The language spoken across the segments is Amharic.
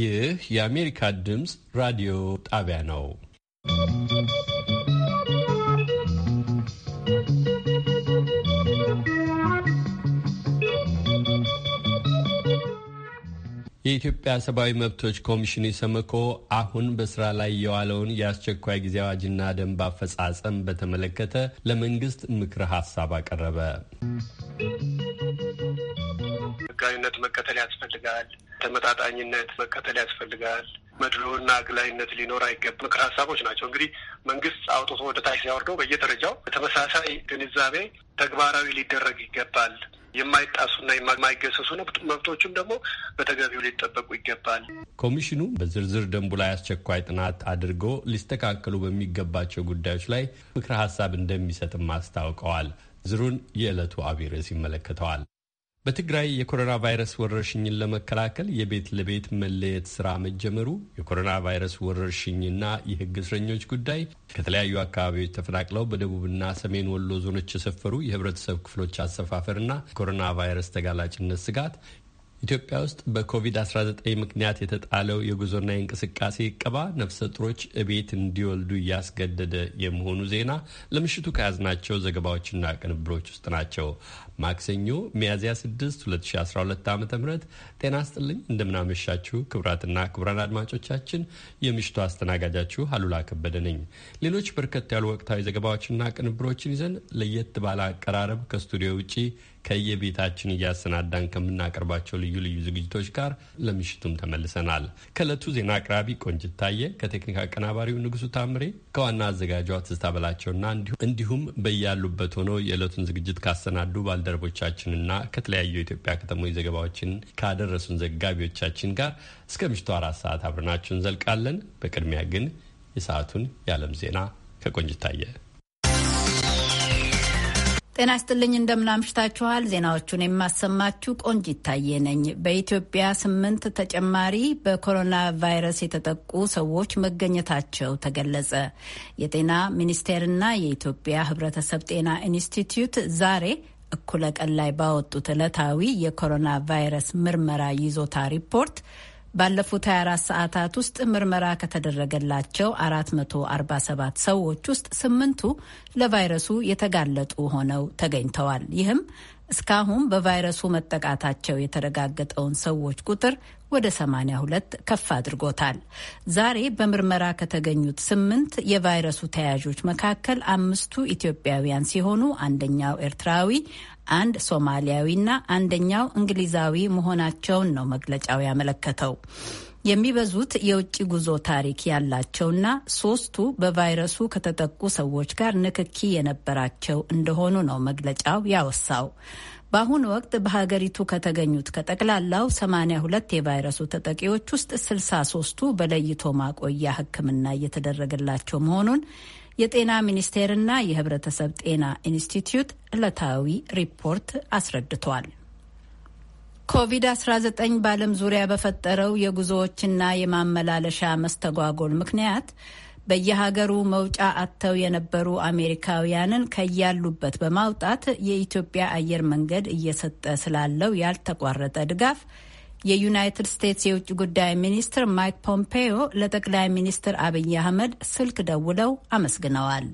ይህ የአሜሪካ ድምፅ ራዲዮ ጣቢያ ነው። የኢትዮጵያ ሰብአዊ መብቶች ኮሚሽን ኢሰመኮ አሁን በስራ ላይ የዋለውን የአስቸኳይ ጊዜ አዋጅና ደንብ አፈጻጸም በተመለከተ ለመንግስት ምክረ ሀሳብ አቀረበ። ያስፈልጋል። ተመጣጣኝነት መከተል ያስፈልጋል። መድሎና አግላይነት ሊኖር አይገባም። ምክር ሀሳቦች ናቸው እንግዲህ መንግስት አውጥቶ ወደ ታች ሲያወርደው በየደረጃው በተመሳሳይ ግንዛቤ ተግባራዊ ሊደረግ ይገባል። የማይጣሱና የማይገሰሱ መብቶችም ደግሞ በተገቢው ሊጠበቁ ይገባል። ኮሚሽኑ በዝርዝር ደንቡ ላይ አስቸኳይ ጥናት አድርጎ ሊስተካከሉ በሚገባቸው ጉዳዮች ላይ ምክር ሀሳብ እንደሚሰጥም አስታውቀዋል። ዝሩን የዕለቱ አብይ ርዕስ ይመለከተዋል። በትግራይ የኮሮና ቫይረስ ወረርሽኝን ለመከላከል የቤት ለቤት መለየት ስራ መጀመሩ የኮሮና ቫይረስ ወረርሽኝና የህግ እስረኞች ጉዳይ ከተለያዩ አካባቢዎች ተፈናቅለው በደቡብና ሰሜን ወሎ ዞኖች የሰፈሩ የህብረተሰብ ክፍሎች አሰፋፈርና የኮሮና ቫይረስ ተጋላጭነት ስጋት ኢትዮጵያ ውስጥ በኮቪድ-19 ምክንያት የተጣለው የጉዞና የእንቅስቃሴ እቀባ ነፍሰ ጥሮች እቤት እንዲወልዱ እያስገደደ የመሆኑ ዜና ለምሽቱ ከያዝናቸው ዘገባዎችና ቅንብሮች ውስጥ ናቸው። ማክሰኞ ሚያዝያ 6 2012 ዓ ም ጤና ስጥልኝ። እንደምናመሻችሁ ክቡራትና ክቡራን አድማጮቻችን የምሽቱ አስተናጋጃችሁ አሉላ ከበደ ነኝ። ሌሎች በርከት ያሉ ወቅታዊ ዘገባዎችና ቅንብሮችን ይዘን ለየት ባለ አቀራረብ ከስቱዲዮ ውጪ ከየቤታችን እያሰናዳን ከምናቀርባቸው ልዩ ልዩ ዝግጅቶች ጋር ለምሽቱም ተመልሰናል። ከእለቱ ዜና አቅራቢ ቆንጅት ታየ፣ ከቴክኒክ አቀናባሪው ንጉሱ ታምሬ፣ ከዋና አዘጋጇ ትዝታ በላቸውና እንዲሁም በያሉበት ሆነው የዕለቱን ዝግጅት ካሰናዱ ባልደረቦቻችንና ከተለያዩ የኢትዮጵያ ከተሞች ዘገባዎችን ካደረሱን ዘጋቢዎቻችን ጋር እስከ ምሽቱ አራት ሰዓት አብረናችሁ እንዘልቃለን። በቅድሚያ ግን የሰዓቱን የዓለም ዜና ከቆንጅት ታየ ጤና ይስጥልኝ እንደምናምሽታችኋል። ዜናዎቹን የማሰማችሁ ቆንጅ ይታየ ነኝ። በኢትዮጵያ ስምንት ተጨማሪ በኮሮና ቫይረስ የተጠቁ ሰዎች መገኘታቸው ተገለጸ። የጤና ሚኒስቴርና የኢትዮጵያ ሕብረተሰብ ጤና ኢንስቲትዩት ዛሬ እኩለ ቀን ላይ ባወጡት ዕለታዊ የኮሮና ቫይረስ ምርመራ ይዞታ ሪፖርት ባለፉት 24 ሰዓታት ውስጥ ምርመራ ከተደረገላቸው 447 ሰዎች ውስጥ ስምንቱ ለቫይረሱ የተጋለጡ ሆነው ተገኝተዋል። ይህም እስካሁን በቫይረሱ መጠቃታቸው የተረጋገጠውን ሰዎች ቁጥር ወደ 82 ከፍ አድርጎታል። ዛሬ በምርመራ ከተገኙት ስምንት የቫይረሱ ተያዦች መካከል አምስቱ ኢትዮጵያውያን ሲሆኑ አንደኛው ኤርትራዊ፣ አንድ ሶማሊያዊና አንደኛው እንግሊዛዊ መሆናቸውን ነው መግለጫው ያመለከተው። የሚበዙት የውጭ ጉዞ ታሪክ ያላቸውና ሶስቱ በቫይረሱ ከተጠቁ ሰዎች ጋር ንክኪ የነበራቸው እንደሆኑ ነው መግለጫው ያወሳው። በአሁኑ ወቅት በሀገሪቱ ከተገኙት ከጠቅላላው 82 የቫይረሱ ተጠቂዎች ውስጥ 63ቱ በለይቶ ማቆያ ሕክምና እየተደረገላቸው መሆኑን የጤና ሚኒስቴርና የህብረተሰብ ጤና ኢንስቲትዩት ዕለታዊ ሪፖርት አስረድቷል። ኮቪድ-19 በዓለም ዙሪያ በፈጠረው የጉዞዎችና የማመላለሻ መስተጓጎል ምክንያት በየሀገሩ መውጫ አጥተው የነበሩ አሜሪካውያንን ከያሉበት በማውጣት የኢትዮጵያ አየር መንገድ እየሰጠ ስላለው ያልተቋረጠ ድጋፍ የዩናይትድ ስቴትስ የውጭ ጉዳይ ሚኒስትር ማይክ ፖምፔዮ ለጠቅላይ ሚኒስትር አብይ አህመድ ስልክ ደውለው አመስግነዋል።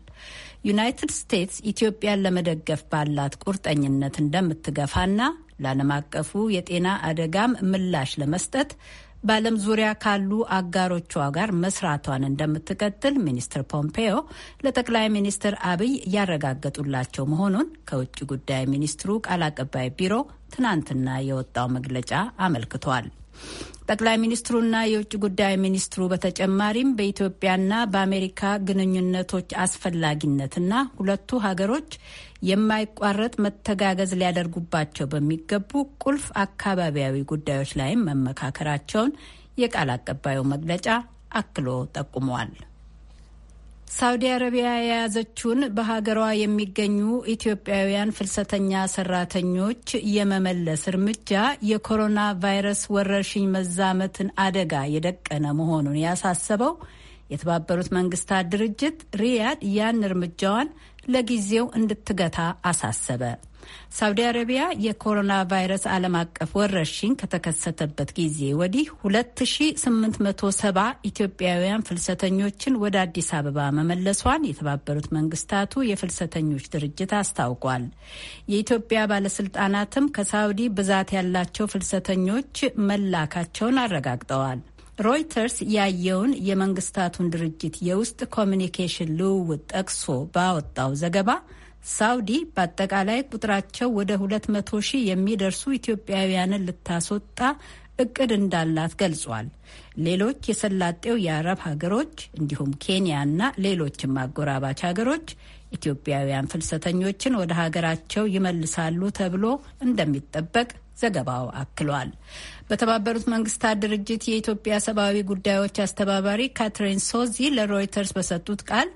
ዩናይትድ ስቴትስ ኢትዮጵያን ለመደገፍ ባላት ቁርጠኝነት እንደምትገፋና ለዓለም አቀፉ የጤና አደጋም ምላሽ ለመስጠት በዓለም ዙሪያ ካሉ አጋሮቿ ጋር መስራቷን እንደምትቀጥል ሚኒስትር ፖምፔዮ ለጠቅላይ ሚኒስትር አብይ ያረጋገጡላቸው መሆኑን ከውጭ ጉዳይ ሚኒስትሩ ቃል አቀባይ ቢሮ ትናንትና የወጣው መግለጫ አመልክቷል። ጠቅላይ ሚኒስትሩና የውጭ ጉዳይ ሚኒስትሩ በተጨማሪም በኢትዮጵያና በአሜሪካ ግንኙነቶች አስፈላጊነትና ሁለቱ ሀገሮች የማይቋረጥ መተጋገዝ ሊያደርጉባቸው በሚገቡ ቁልፍ አካባቢያዊ ጉዳዮች ላይም መመካከራቸውን የቃል አቀባዩ መግለጫ አክሎ ጠቁመዋል። ሳውዲ አረቢያ የያዘችውን በሀገሯ የሚገኙ ኢትዮጵያውያን ፍልሰተኛ ሰራተኞች የመመለስ እርምጃ የኮሮና ቫይረስ ወረርሽኝ መዛመትን አደጋ የደቀነ መሆኑን ያሳሰበው የተባበሩት መንግስታት ድርጅት ሪያድ ያን እርምጃዋን ለጊዜው እንድትገታ አሳሰበ። ሳውዲ አረቢያ የኮሮና ቫይረስ ዓለም አቀፍ ወረርሽኝ ከተከሰተበት ጊዜ ወዲህ 2870 ኢትዮጵያውያን ፍልሰተኞችን ወደ አዲስ አበባ መመለሷን የተባበሩት መንግስታቱ የፍልሰተኞች ድርጅት አስታውቋል። የኢትዮጵያ ባለስልጣናትም ከሳውዲ ብዛት ያላቸው ፍልሰተኞች መላካቸውን አረጋግጠዋል። ሮይተርስ ያየውን የመንግስታቱን ድርጅት የውስጥ ኮሚኒኬሽን ልውውጥ ጠቅሶ ባወጣው ዘገባ ሳውዲ በአጠቃላይ ቁጥራቸው ወደ ሁለት መቶ ሺህ የሚደርሱ ኢትዮጵያውያንን ልታስወጣ እቅድ እንዳላት ገልጿል። ሌሎች የሰላጤው የአረብ ሀገሮች እንዲሁም ኬንያና ሌሎችም አጎራባች ሀገሮች ኢትዮጵያውያን ፍልሰተኞችን ወደ ሀገራቸው ይመልሳሉ ተብሎ እንደሚጠበቅ ዘገባው አክሏል። በተባበሩት መንግስታት ድርጅት የኢትዮጵያ ሰብአዊ ጉዳዮች አስተባባሪ ካትሪን ሶዚ ለሮይተርስ በሰጡት ቃል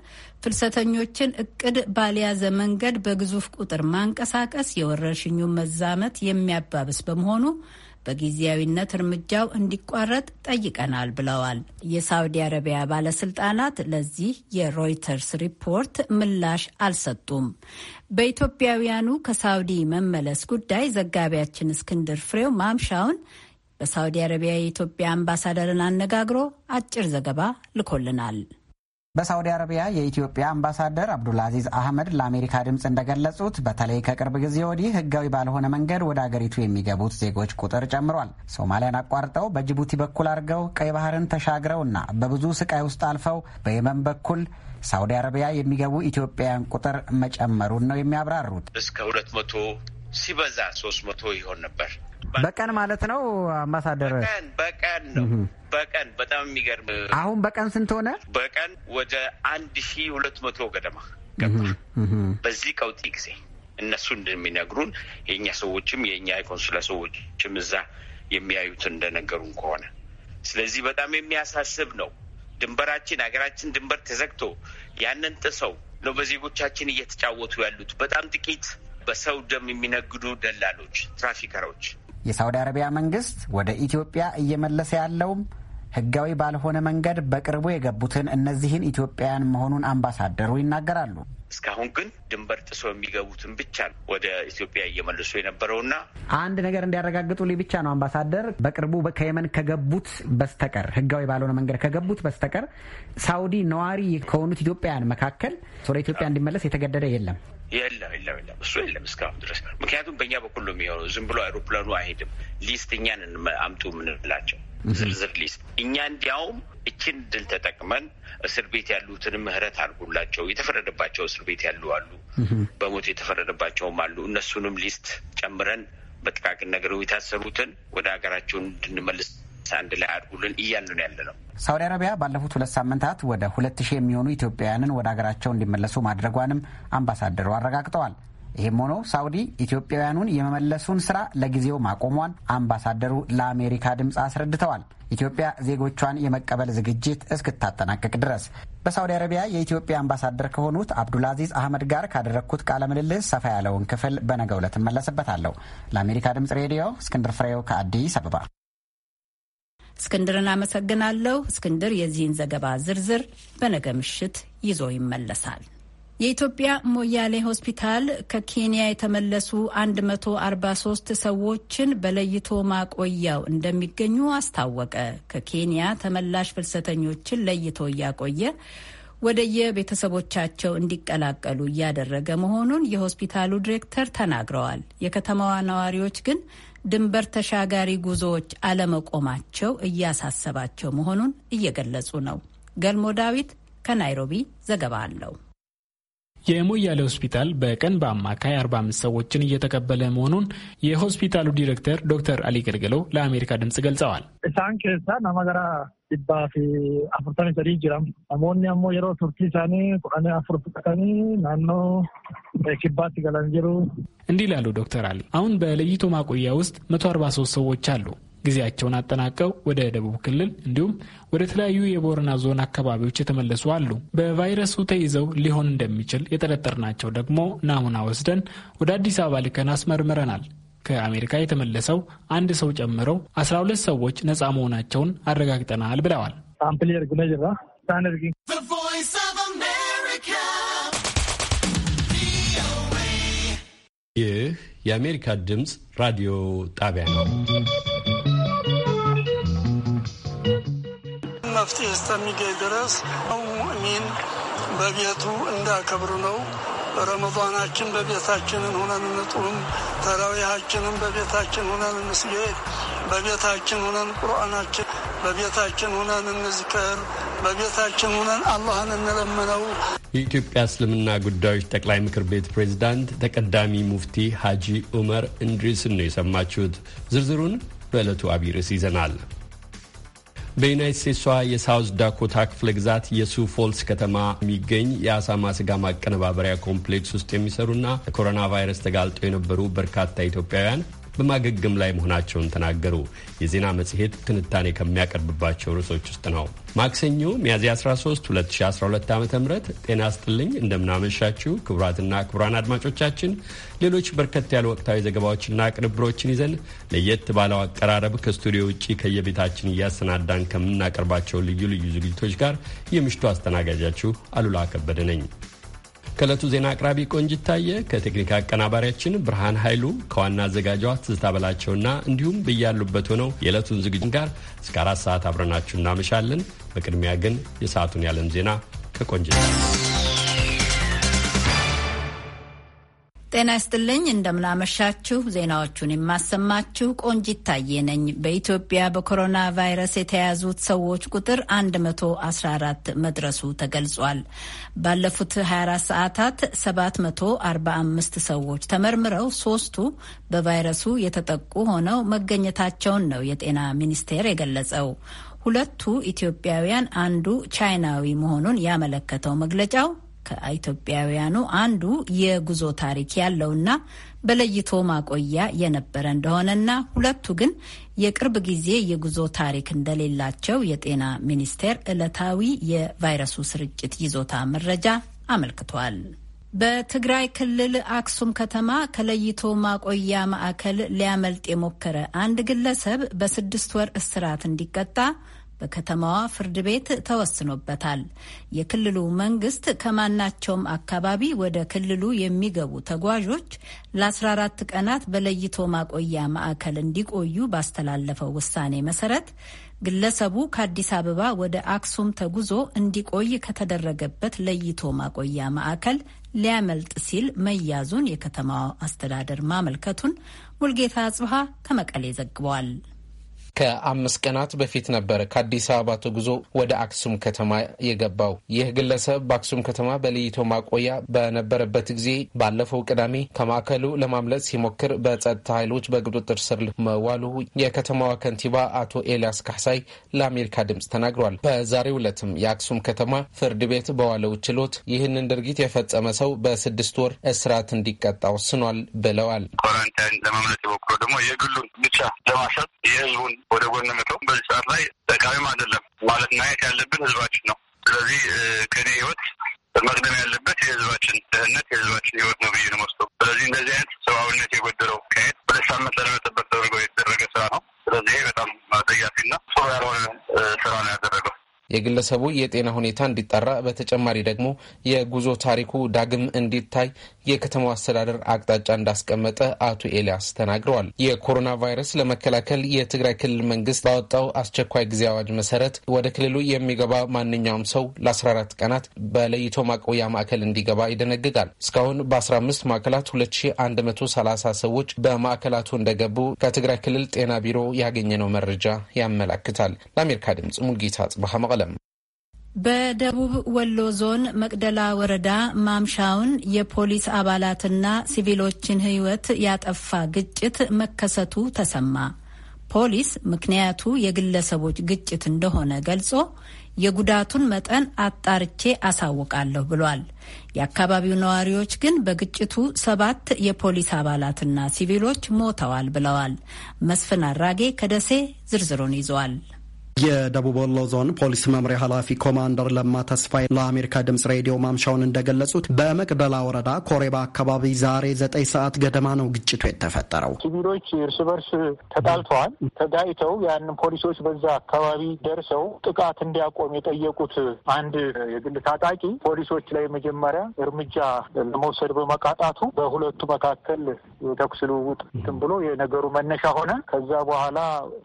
ፍልሰተኞችን እቅድ ባልያዘ መንገድ በግዙፍ ቁጥር ማንቀሳቀስ የወረርሽኙን መዛመት የሚያባብስ በመሆኑ በጊዜያዊነት እርምጃው እንዲቋረጥ ጠይቀናል ብለዋል። የሳውዲ አረቢያ ባለስልጣናት ለዚህ የሮይተርስ ሪፖርት ምላሽ አልሰጡም። በኢትዮጵያውያኑ ከሳውዲ መመለስ ጉዳይ ዘጋቢያችን እስክንድር ፍሬው ማምሻውን በሳውዲ አረቢያ የኢትዮጵያ አምባሳደርን አነጋግሮ አጭር ዘገባ ልኮልናል። በሳውዲ አረቢያ የኢትዮጵያ አምባሳደር አብዱልአዚዝ አህመድ ለአሜሪካ ድምፅ እንደገለጹት በተለይ ከቅርብ ጊዜ ወዲህ ሕጋዊ ባልሆነ መንገድ ወደ አገሪቱ የሚገቡት ዜጎች ቁጥር ጨምሯል። ሶማሊያን አቋርጠው በጅቡቲ በኩል አድርገው ቀይ ባህርን ተሻግረውና በብዙ ስቃይ ውስጥ አልፈው በየመን በኩል ሳውዲ አረቢያ የሚገቡ ኢትዮጵያውያን ቁጥር መጨመሩን ነው የሚያብራሩት። እስከ ሁለት መቶ ሲበዛ ሶስት መቶ ይሆን ነበር በቀን ማለት ነው አምባሳደር? በቀን በቀን ነው በቀን በጣም የሚገርም አሁን በቀን ስንት ሆነ? በቀን ወደ አንድ ሺ ሁለት መቶ ገደማ ገባ በዚህ ቀውጢ ጊዜ እነሱ እንደሚነግሩን የእኛ ሰዎችም የእኛ የኮንስላ ሰዎችም እዛ የሚያዩት እንደነገሩን ከሆነ ስለዚህ በጣም የሚያሳስብ ነው። ድንበራችን ሀገራችን ድንበር ተዘግቶ ያንን ጥሰው ነው በዜጎቻችን እየተጫወቱ ያሉት። በጣም ጥቂት በሰው ደም የሚነግዱ ደላሎች፣ ትራፊከሮች የሳውዲ አረቢያ መንግስት ወደ ኢትዮጵያ እየመለሰ ያለውም ህጋዊ ባልሆነ መንገድ በቅርቡ የገቡትን እነዚህን ኢትዮጵያውያን መሆኑን አምባሳደሩ ይናገራሉ። እስካሁን ግን ድንበር ጥሶ የሚገቡትን ብቻ ነው ወደ ኢትዮጵያ እየመልሱ የነበረውና አንድ ነገር እንዲያረጋግጡልኝ ብቻ ነው አምባሳደር፣ በቅርቡ ከየመን ከገቡት በስተቀር ህጋዊ ባልሆነ መንገድ ከገቡት በስተቀር ሳውዲ ነዋሪ ከሆኑት ኢትዮጵያውያን መካከል ወደ ኢትዮጵያ እንዲመለስ የተገደደ የለም። የለም የለም የለም፣ እሱ የለም እስካሁን ድረስ። ምክንያቱም በእኛ በኩል ነው የሚሆነው። ዝም ብሎ አይሮፕላኑ አይሄድም። ሊስት እኛን አምጡ የምንላቸው ዝርዝር ሊስት እኛ እንዲያውም እችን ድል ተጠቅመን እስር ቤት ያሉትን ምህረት አድርጉላቸው። የተፈረደባቸው እስር ቤት ያሉ አሉ፣ በሞት የተፈረደባቸውም አሉ። እነሱንም ሊስት ጨምረን በጥቃቅን ነገር የታሰሩትን ወደ ሀገራቸውን እንድንመልስ አንድ ላይ አድጉልን እያሉ ነው ያለ ነው። ሳውዲ አረቢያ ባለፉት ሁለት ሳምንታት ወደ ሁለት ሺህ የሚሆኑ ኢትዮጵያውያንን ወደ ሀገራቸው እንዲመለሱ ማድረጓንም አምባሳደሩ አረጋግጠዋል። ይህም ሆኖ ሳውዲ ኢትዮጵያውያኑን የመመለሱን ስራ ለጊዜው ማቆሟን አምባሳደሩ ለአሜሪካ ድምፅ አስረድተዋል። ኢትዮጵያ ዜጎቿን የመቀበል ዝግጅት እስክታጠናቀቅ ድረስ በሳውዲ አረቢያ የኢትዮጵያ አምባሳደር ከሆኑት አብዱልአዚዝ አህመድ ጋር ካደረግኩት ቃለ ምልልስ ሰፋ ያለውን ክፍል በነገው ዕለት እመለስበታለሁ። ለአሜሪካ ድምፅ ሬዲዮ እስክንድር ፍሬው ከአዲስ አበባ እስክንድርን አመሰግናለሁ። እስክንድር የዚህን ዘገባ ዝርዝር በነገ ምሽት ይዞ ይመለሳል። የኢትዮጵያ ሞያሌ ሆስፒታል ከኬንያ የተመለሱ 143 ሰዎችን በለይቶ ማቆያው እንደሚገኙ አስታወቀ። ከኬንያ ተመላሽ ፍልሰተኞችን ለይቶ እያቆየ የቤተሰቦቻቸው እንዲቀላቀሉ እያደረገ መሆኑን የሆስፒታሉ ዲሬክተር ተናግረዋል። የከተማዋ ነዋሪዎች ግን ድንበር ተሻጋሪ ጉዞዎች አለመቆማቸው እያሳሰባቸው መሆኑን እየገለጹ ነው። ገልሞ ዳዊት ከናይሮቢ ዘገባ አለው። የሞያሌ ሆስፒታል በቀን በአማካይ 45 ሰዎችን እየተቀበለ መሆኑን የሆስፒታሉ ዲሬክተር ዶክተር አሊ ገልገለው ለአሜሪካ ድምጽ ገልጸዋል። እሳን ኬሳ ናማገራ ዲባ ፊ አፍርተሚ ሰዲ ጅራም አሞኒ አሞ የሮ ቱርቲ ሳኒ ቁዳኒ አፍር ፍጠቀኒ ናኖ ኪባት ገላንጅሩ እንዲህ ላሉ ዶክተር አሊ አሁን በለይቶ ማቆያ ውስጥ 143 ሰዎች አሉ። ጊዜያቸውን አጠናቀው ወደ ደቡብ ክልል እንዲሁም ወደ ተለያዩ የቦረና ዞን አካባቢዎች የተመለሱ አሉ። በቫይረሱ ተይዘው ሊሆን እንደሚችል የጠረጠርናቸው ደግሞ ናሙና ወስደን ወደ አዲስ አበባ ልከን አስመርምረናል። ከአሜሪካ የተመለሰው አንድ ሰው ጨምረው አስራ ሁለት ሰዎች ነፃ መሆናቸውን አረጋግጠናል ብለዋል። ይህ የአሜሪካ ድምፅ ራዲዮ ጣቢያ ነው። መፍትሄ እስከሚገኝ ድረስ ሙእሚን በቤቱ እንዳከብሩ ነው። ረመዷናችን በቤታችንን ሁነን እንጡም፣ ተራዊሃችንን በቤታችን ሁነን እንስጌድ፣ በቤታችን ሁነን ቁርአናችን በቤታችን ሁነን እንዝከር፣ በቤታችን ሁነን አላህን እንለምነው። የኢትዮጵያ እስልምና ጉዳዮች ጠቅላይ ምክር ቤት ፕሬዝዳንት ተቀዳሚ ሙፍቲ ሐጂ ዑመር እንድሪስን ነው የሰማችሁት። ዝርዝሩን በዕለቱ አቢይ ርዕስ ይዘናል። በዩናይት ስቴትሷ የሳውዝ ዳኮታ ክፍለ ግዛት የሱ ፎልስ ከተማ የሚገኝ የአሳማ ስጋ ማቀነባበሪያ ኮምፕሌክስ ውስጥ የሚሰሩና ለኮሮና ቫይረስ ተጋልጦ የነበሩ በርካታ ኢትዮጵያውያን በማገገም ላይ መሆናቸውን ተናገሩ። የዜና መጽሔት ትንታኔ ከሚያቀርብባቸው ርዕሶች ውስጥ ነው። ማክሰኞ ሚያዝያ 13 2012 ዓ ም ጤና ስጥልኝ። እንደምናመሻችሁ ክቡራትና ክቡራን አድማጮቻችን ሌሎች በርከት ያሉ ወቅታዊ ዘገባዎችና ቅንብሮችን ይዘን ለየት ባለው አቀራረብ ከስቱዲዮ ውጭ ከየቤታችን እያሰናዳን ከምናቀርባቸው ልዩ ልዩ ዝግጅቶች ጋር የምሽቱ አስተናጋጃችሁ አሉላ ከበደ ነኝ። ከእለቱ ዜና አቅራቢ ቆንጅ ታየ፣ ከቴክኒክ አቀናባሪያችን ብርሃን ኃይሉ፣ ከዋና አዘጋጇ ትዝታ በላቸውና እንዲሁም ብያሉበት ሆነው የዕለቱን ዝግጅት ጋር እስከ አራት ሰዓት አብረናችሁ እናመሻለን። በቅድሚያ ግን የሰዓቱን ያለም ዜና ከቆንጅት ጤና ይስጥልኝ እንደምናመሻችሁ። ዜናዎቹን የማሰማችሁ ቆንጅ ይታየ ነኝ። በኢትዮጵያ በኮሮና ቫይረስ የተያዙት ሰዎች ቁጥር 114 መድረሱ ተገልጿል። ባለፉት 24 ሰዓታት 745 ሰዎች ተመርምረው ሶስቱ በቫይረሱ የተጠቁ ሆነው መገኘታቸውን ነው የጤና ሚኒስቴር የገለጸው። ሁለቱ ኢትዮጵያውያን፣ አንዱ ቻይናዊ መሆኑን ያመለከተው መግለጫው ከኢትዮጵያውያኑ አንዱ የጉዞ ታሪክ ያለውና በለይቶ ማቆያ የነበረ እንደሆነና ሁለቱ ግን የቅርብ ጊዜ የጉዞ ታሪክ እንደሌላቸው የጤና ሚኒስቴር ዕለታዊ የቫይረሱ ስርጭት ይዞታ መረጃ አመልክቷል። በትግራይ ክልል አክሱም ከተማ ከለይቶ ማቆያ ማዕከል ሊያመልጥ የሞከረ አንድ ግለሰብ በስድስት ወር እስራት እንዲቀጣ በከተማዋ ፍርድ ቤት ተወስኖበታል። የክልሉ መንግስት ከማናቸውም አካባቢ ወደ ክልሉ የሚገቡ ተጓዦች ለ14 ቀናት በለይቶ ማቆያ ማዕከል እንዲቆዩ ባስተላለፈው ውሳኔ መሰረት ግለሰቡ ከአዲስ አበባ ወደ አክሱም ተጉዞ እንዲቆይ ከተደረገበት ለይቶ ማቆያ ማዕከል ሊያመልጥ ሲል መያዙን የከተማው አስተዳደር ማመልከቱን ሙልጌታ አጽብሃ ከመቀሌ ዘግቧል። ከአምስት ቀናት በፊት ነበረ ከአዲስ አበባ ተጉዞ ወደ አክሱም ከተማ የገባው። ይህ ግለሰብ በአክሱም ከተማ በለይቶ ማቆያ በነበረበት ጊዜ ባለፈው ቅዳሜ ከማዕከሉ ለማምለጥ ሲሞክር በጸጥታ ኃይሎች በቁጥጥር ስር መዋሉ የከተማዋ ከንቲባ አቶ ኤልያስ ካሳይ ለአሜሪካ ድምፅ ተናግሯል። በዛሬው ዕለትም የአክሱም ከተማ ፍርድ ቤት በዋለው ችሎት ይህንን ድርጊት የፈጸመ ሰው በስድስት ወር እስራት እንዲቀጣ ወስኗል ብለዋል። ኮረንታይን ለማምለጥ የሞክሮ ደግሞ የግሉን ብቻ ለማሰብ የህዝቡን ወደ ጎን መተው በዚህ ሰዓት ላይ ጠቃሚም አይደለም ማለት ማየት ያለብን ህዝባችን ነው። ስለዚህ ከኔ ህይወት መቅደም ያለበት የህዝባችን ደህንነት የህዝባችን ህይወት ነው ብዬ ነው ስለዚህ እንደዚህ አይነት ሰብአዊነት የጎደለው ከየት ሁለት ሳምንት ለመጠበቅ ተደርጎ የተደረገ ስራ ነው። ስለዚህ በጣም አጸያፊና ጥሩ ያልሆነ ስራ ነው ያደረገው። የግለሰቡ የጤና ሁኔታ እንዲጣራ፣ በተጨማሪ ደግሞ የጉዞ ታሪኩ ዳግም እንዲታይ የከተማው አስተዳደር አቅጣጫ እንዳስቀመጠ አቶ ኤልያስ ተናግረዋል። የኮሮና ቫይረስ ለመከላከል የትግራይ ክልል መንግስት ባወጣው አስቸኳይ ጊዜ አዋጅ መሰረት ወደ ክልሉ የሚገባ ማንኛውም ሰው ለ14 ቀናት በለይቶ ማቆያ ማዕከል እንዲገባ ይደነግጋል። እስካሁን በ15 ማዕከላት 2130 ሰዎች በማዕከላቱ እንደገቡ ከትግራይ ክልል ጤና ቢሮ ያገኘነው መረጃ ያመላክታል። ለአሜሪካ ድምጽ ሙልጌታ ጽበሀ መቀለ አለም በደቡብ ወሎ ዞን መቅደላ ወረዳ ማምሻውን የፖሊስ አባላትና ሲቪሎችን ሕይወት ያጠፋ ግጭት መከሰቱ ተሰማ። ፖሊስ ምክንያቱ የግለሰቦች ግጭት እንደሆነ ገልጾ የጉዳቱን መጠን አጣርቼ አሳውቃለሁ ብሏል። የአካባቢው ነዋሪዎች ግን በግጭቱ ሰባት የፖሊስ አባላትና ሲቪሎች ሞተዋል ብለዋል። መስፍን አራጌ ከደሴ ዝርዝሩን ይዟል። የደቡብ ወሎ ዞን ፖሊስ መምሪያ ኃላፊ ኮማንደር ለማ ተስፋይ ለአሜሪካ ድምጽ ሬዲዮ ማምሻውን እንደገለጹት በመቅደላ ወረዳ ኮሬባ አካባቢ ዛሬ ዘጠኝ ሰዓት ገደማ ነው ግጭቱ የተፈጠረው። ሲቪሎች እርስ በርስ ተጣልተዋል። ተጋይተው ያን ፖሊሶች በዛ አካባቢ ደርሰው ጥቃት እንዲያቆም የጠየቁት አንድ የግል ታጣቂ ፖሊሶች ላይ መጀመሪያ እርምጃ ለመውሰድ በመቃጣቱ በሁለቱ መካከል ተኩስ ልውውጥ እንትን ብሎ የነገሩ መነሻ ሆነ። ከዛ በኋላ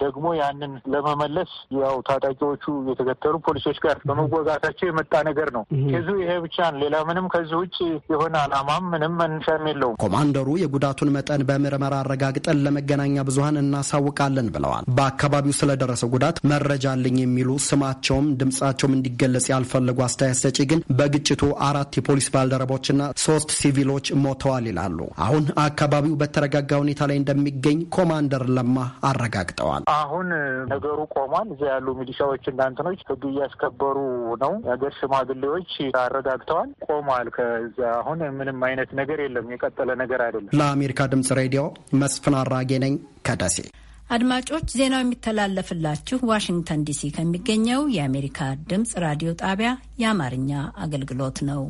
ደግሞ ያንን ለመመለስ ያው ታጣቂዎቹ የተገተሩ ፖሊሶች ጋር በመወጋታቸው የመጣ ነገር ነው። ከዙ ይሄ ብቻ ነው። ሌላ ምንም ከዚህ ውጭ የሆነ አላማም ምንም መነሻም የለውም። ኮማንደሩ የጉዳቱን መጠን በምርመራ አረጋግጠን ለመገናኛ ብዙኃን እናሳውቃለን ብለዋል። በአካባቢው ስለደረሰው ጉዳት መረጃ አለኝ የሚሉ ስማቸውም ድምጻቸውም እንዲገለጽ ያልፈለጉ አስተያየት ሰጪ ግን በግጭቱ አራት የፖሊስ ባልደረቦችና ሶስት ሲቪሎች ሞተዋል ይላሉ። አሁን አካባቢው በተረጋጋ ሁኔታ ላይ እንደሚገኝ ኮማንደር ለማ አረጋግጠዋል። አሁን ነገሩ ቆሟል። ያሉ እና እንትኖች ህግ እያስከበሩ ነው። የሀገር ሽማግሌዎች አረጋግተዋል፣ ቆሟል። ከዛ አሁን ምንም አይነት ነገር የለም። የቀጠለ ነገር አይደለም። ለአሜሪካ ድምጽ ሬዲዮ መስፍን አራጌ ነኝ ከደሴ። አድማጮች ዜናው የሚተላለፍላችሁ ዋሽንግተን ዲሲ ከሚገኘው የአሜሪካ ድምጽ ራዲዮ ጣቢያ የአማርኛ አገልግሎት ነው።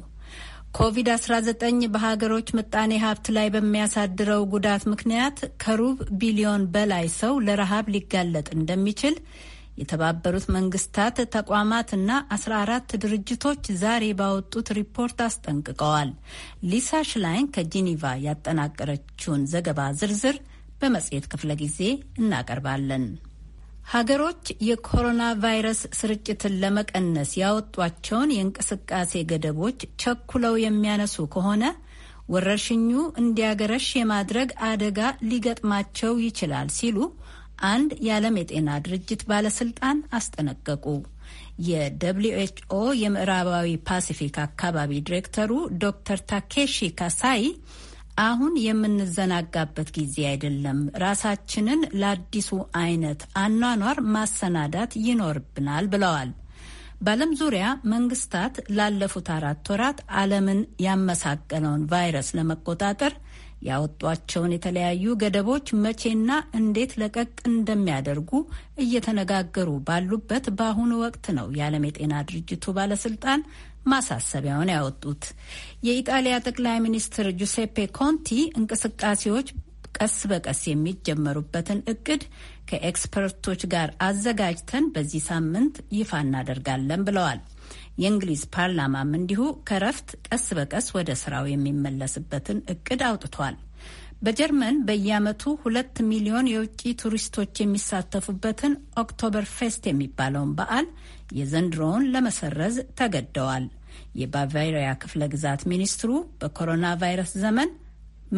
ኮቪድ-19 በሀገሮች ምጣኔ ሀብት ላይ በሚያሳድረው ጉዳት ምክንያት ከሩብ ቢሊዮን በላይ ሰው ለረሃብ ሊጋለጥ እንደሚችል የተባበሩት መንግስታት ተቋማትና 14 ድርጅቶች ዛሬ ባወጡት ሪፖርት አስጠንቅቀዋል። ሊሳ ሽላይን ከጂኒቫ ያጠናቀረችውን ዘገባ ዝርዝር በመጽሔት ክፍለ ጊዜ እናቀርባለን። ሀገሮች የኮሮና ቫይረስ ስርጭትን ለመቀነስ ያወጧቸውን የእንቅስቃሴ ገደቦች ቸኩለው የሚያነሱ ከሆነ ወረርሽኙ እንዲያገረሽ የማድረግ አደጋ ሊገጥማቸው ይችላል ሲሉ አንድ የዓለም የጤና ድርጅት ባለስልጣን አስጠነቀቁ። የደብሊዩ ኤችኦ የምዕራባዊ ፓሲፊክ አካባቢ ዲሬክተሩ ዶክተር ታኬሺ ካሳይ አሁን የምንዘናጋበት ጊዜ አይደለም፣ ራሳችንን ለአዲሱ አይነት አኗኗር ማሰናዳት ይኖርብናል ብለዋል። በዓለም ዙሪያ መንግስታት ላለፉት አራት ወራት ዓለምን ያመሳቀለውን ቫይረስ ለመቆጣጠር ያወጧቸውን የተለያዩ ገደቦች መቼና እንዴት ለቀቅ እንደሚያደርጉ እየተነጋገሩ ባሉበት በአሁኑ ወቅት ነው የዓለም የጤና ድርጅቱ ባለስልጣን ማሳሰቢያውን ያወጡት። የኢጣሊያ ጠቅላይ ሚኒስትር ጁሴፔ ኮንቲ እንቅስቃሴዎች ቀስ በቀስ የሚጀመሩበትን እቅድ ከኤክስፐርቶች ጋር አዘጋጅተን በዚህ ሳምንት ይፋ እናደርጋለን ብለዋል። የእንግሊዝ ፓርላማም እንዲሁ ከረፍት ቀስ በቀስ ወደ ስራው የሚመለስበትን እቅድ አውጥቷል። በጀርመን በየዓመቱ ሁለት ሚሊዮን የውጭ ቱሪስቶች የሚሳተፉበትን ኦክቶበር ፌስት የሚባለውን በዓል የዘንድሮውን ለመሰረዝ ተገደዋል። የባቫሪያ ክፍለ ግዛት ሚኒስትሩ በኮሮና ቫይረስ ዘመን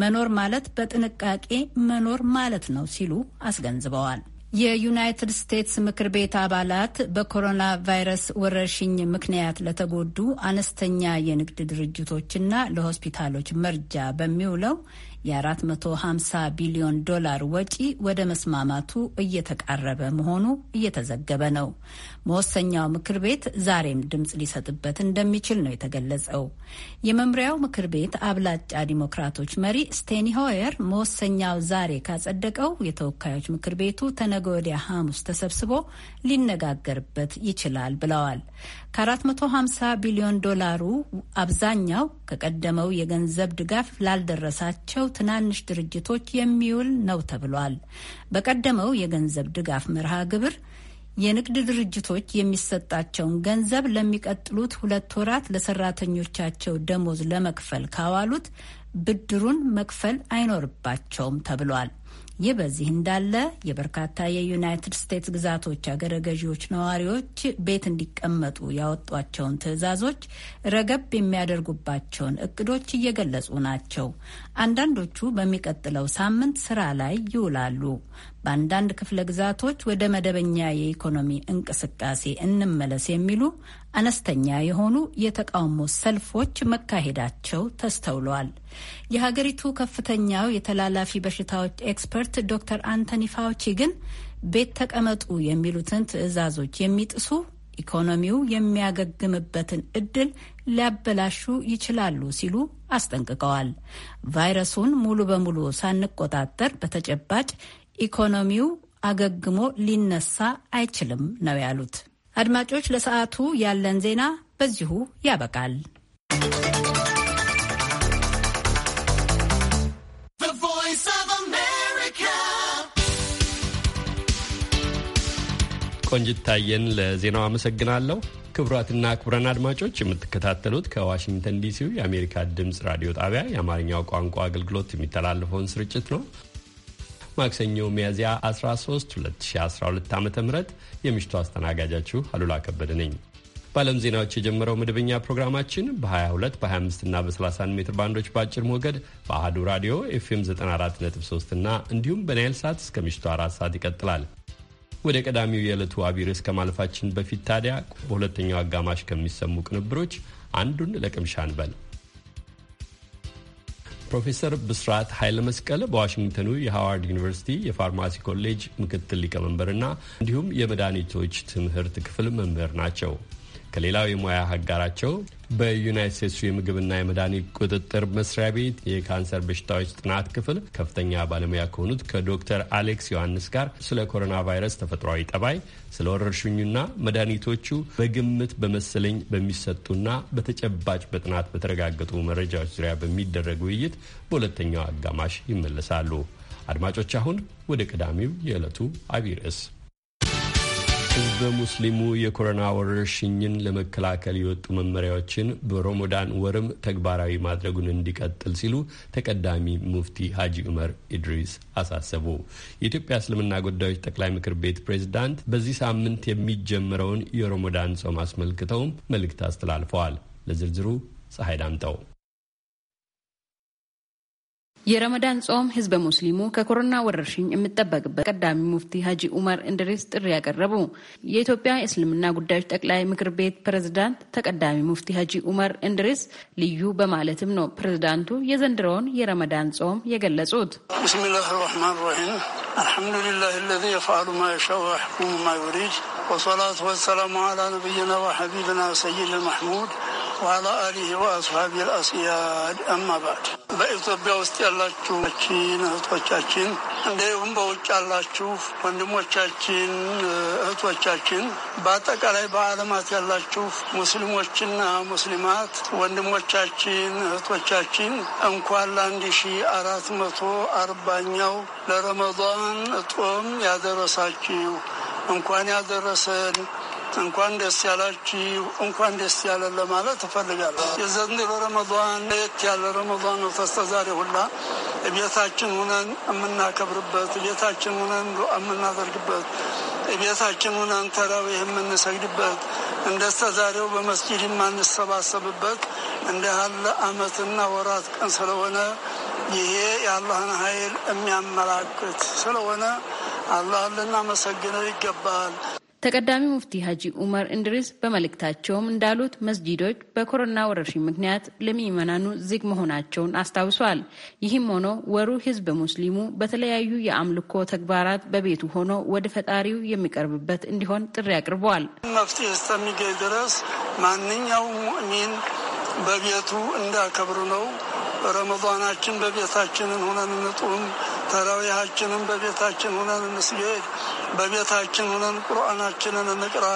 መኖር ማለት በጥንቃቄ መኖር ማለት ነው ሲሉ አስገንዝበዋል። የዩናይትድ ስቴትስ ምክር ቤት አባላት በኮሮና ቫይረስ ወረርሽኝ ምክንያት ለተጎዱ አነስተኛ የንግድ ድርጅቶችና ለሆስፒታሎች መርጃ በሚውለው የ450 ቢሊዮን ዶላር ወጪ ወደ መስማማቱ እየተቃረበ መሆኑ እየተዘገበ ነው። መወሰኛው ምክር ቤት ዛሬም ድምፅ ሊሰጥበት እንደሚችል ነው የተገለጸው። የመምሪያው ምክር ቤት አብላጫ ዲሞክራቶች መሪ ስቴኒ ሆየር መወሰኛው ዛሬ ካጸደቀው የተወካዮች ምክር ቤቱ ተነገ ወዲያ ሐሙስ ተሰብስቦ ሊነጋገርበት ይችላል ብለዋል። ከ450 ቢሊዮን ዶላሩ አብዛኛው ከቀደመው የገንዘብ ድጋፍ ላልደረሳቸው ትናንሽ ድርጅቶች የሚውል ነው ተብሏል። በቀደመው የገንዘብ ድጋፍ መርሃ ግብር የንግድ ድርጅቶች የሚሰጣቸውን ገንዘብ ለሚቀጥሉት ሁለት ወራት ለሰራተኞቻቸው ደሞዝ ለመክፈል ካዋሉት ብድሩን መክፈል አይኖርባቸውም ተብሏል። ይህ በዚህ እንዳለ የበርካታ የዩናይትድ ስቴትስ ግዛቶች አገረ ገዢዎች ነዋሪዎች ቤት እንዲቀመጡ ያወጧቸውን ትዕዛዞች ረገብ የሚያደርጉባቸውን እቅዶች እየገለጹ ናቸው። አንዳንዶቹ በሚቀጥለው ሳምንት ስራ ላይ ይውላሉ። በአንዳንድ ክፍለ ግዛቶች ወደ መደበኛ የኢኮኖሚ እንቅስቃሴ እንመለስ የሚሉ አነስተኛ የሆኑ የተቃውሞ ሰልፎች መካሄዳቸው ተስተውሏል። የሀገሪቱ ከፍተኛው የተላላፊ በሽታዎች ኤክስፐርት ዶክተር አንቶኒ ፋውቺ ግን ቤት ተቀመጡ የሚሉትን ትዕዛዞች የሚጥሱ ኢኮኖሚው የሚያገግምበትን እድል ሊያበላሹ ይችላሉ ሲሉ አስጠንቅቀዋል። ቫይረሱን ሙሉ በሙሉ ሳንቆጣጠር በተጨባጭ ኢኮኖሚው አገግሞ ሊነሳ አይችልም ነው ያሉት። አድማጮች፣ ለሰዓቱ ያለን ዜና በዚሁ ያበቃል። ቆንጅታየን ለዜናው አመሰግናለሁ። ክቡራትና ክቡራን አድማጮች የምትከታተሉት ከዋሽንግተን ዲሲው የአሜሪካ ድምፅ ራዲዮ ጣቢያ የአማርኛው ቋንቋ አገልግሎት የሚተላለፈውን ስርጭት ነው። ማክሰኞ ሚያዝያ 13 2012 ዓ ም የምሽቱ አስተናጋጃችሁ አሉላ ከበደ ነኝ። በዓለም ዜናዎች የጀመረው መደበኛ ፕሮግራማችን በ22 በ25 እና በ31 ሜትር ባንዶች በአጭር ሞገድ በአህዱ ራዲዮ ኤፍኤም 943 እና እንዲሁም በናይል ሰዓት እስከ ምሽቱ አራት ሰዓት ይቀጥላል። ወደ ቀዳሚው የዕለቱ አቢር እስከ ማለፋችን በፊት ታዲያ በሁለተኛው አጋማሽ ከሚሰሙ ቅንብሮች አንዱን ለቅምሻ እንበል። ፕሮፌሰር ብስራት ኃይለ መስቀል በዋሽንግተኑ የሃዋርድ ዩኒቨርሲቲ የፋርማሲ ኮሌጅ ምክትል ሊቀመንበርና እንዲሁም የመድኃኒቶች ትምህርት ክፍል መምህር ናቸው። ከሌላው የሙያ አጋራቸው በዩናይት ስቴትሱ የምግብና የመድኃኒት ቁጥጥር መስሪያ ቤት የካንሰር በሽታዎች ጥናት ክፍል ከፍተኛ ባለሙያ ከሆኑት ከዶክተር አሌክስ ዮሐንስ ጋር ስለ ኮሮና ቫይረስ ተፈጥሯዊ ጠባይ፣ ስለ ወረርሽኙና መድኃኒቶቹ በግምት በመሰለኝ በሚሰጡና በተጨባጭ በጥናት በተረጋገጡ መረጃዎች ዙሪያ በሚደረግ ውይይት በሁለተኛው አጋማሽ ይመለሳሉ። አድማጮች አሁን ወደ ቀዳሚው የዕለቱ አቢይ ርዕስ ህዝበ ሙስሊሙ የኮሮና ወረርሽኝን ለመከላከል የወጡ መመሪያዎችን በሮሞዳን ወርም ተግባራዊ ማድረጉን እንዲቀጥል ሲሉ ተቀዳሚ ሙፍቲ ሀጂ ዑመር ኢድሪስ አሳሰቡ። የኢትዮጵያ እስልምና ጉዳዮች ጠቅላይ ምክር ቤት ፕሬዝዳንት በዚህ ሳምንት የሚጀምረውን የሮሞዳን ጾም አስመልክተውም መልእክት አስተላልፈዋል። ለዝርዝሩ ፀሐይ ዳምጠው የረመዳን ጾም ህዝበ ሙስሊሙ ከኮሮና ወረርሽኝ የሚጠበቅበት ቀዳሚ ሙፍቲ ሀጂ ኡመር እንድሪስ ጥሪ ያቀረቡ የኢትዮጵያ እስልምና ጉዳዮች ጠቅላይ ምክር ቤት ፕሬዝዳንት ተቀዳሚ ሙፍቲ ሀጂ ኡመር እንድሪስ ልዩ በማለትም ነው ፕሬዝዳንቱ የዘንድሮውን የረመዳን ጾም የገለጹት። ብስሚላህ ራህማን ራሂም አልሐምዱሊላህ ለዚ የፍዓሉ ማ የሻ ወያሕኩሙ ማ ዩሪድ ወሰላቱ ወሰላሙ ነቢይና ወሐቢብና ሰይድ ልማሕሙድ ዋላ አሊህ ወአስሃቢ ልአስያድ አማባድ በኢትዮጵያ ውስጥ ያላችሁ ችን እህቶቻችን እንዲሁም በውጭ ያላችሁ ወንድሞቻችን እህቶቻችን፣ በአጠቃላይ በዓለማት ያላችሁ ሙስሊሞችና ሙስሊማት ወንድሞቻችን እህቶቻችን እንኳን ለአንድ ሺ አራት መቶ አርባኛው ለረመዳን ጾም ያደረሳችሁ እንኳን ያደረሰን እንኳን ደስ ያላችሁ እንኳን ደስ ያለን ለማለት እፈልጋለሁ። የዘንድሮ ረመዷን ለየት ያለ ረመዷን ነው። ተስተዛሬ ሁላ ቤታችን ሁነን የምናከብርበት፣ ቤታችን ሁነን የምናደርግበት፣ ቤታችን ሁነን ተራዊ የምንሰግድበት፣ እንደስተዛሬው በመስጂድ የማንሰባሰብበት እንደ ያለ አመትና ወራት ቀን ስለሆነ ይሄ የአላህን ኃይል የሚያመላክት ስለሆነ አላህን ልናመሰግነው ይገባል። ተቀዳሚ ሙፍቲ ሀጂ ኡመር እንድሪስ በመልእክታቸውም እንዳሉት መስጂዶች በኮሮና ወረርሽኝ ምክንያት ለሚመናኑ ዝግ መሆናቸውን አስታውሷል። ይህም ሆኖ ወሩ ህዝብ ሙስሊሙ በተለያዩ የአምልኮ ተግባራት በቤቱ ሆኖ ወደ ፈጣሪው የሚቀርብበት እንዲሆን ጥሪ አቅርበዋል። መፍትሄ እስከሚገኝ ድረስ ማንኛውም ሙእሚን በቤቱ እንዳከብሩ ነው ረመዷናችን በቤታችንን ሁነን እንጡም፣ ተራዊሃችንን በቤታችን ሁነን እንስጌድ፣ በቤታችን ሁነን ቁርአናችንን እንቅራ፣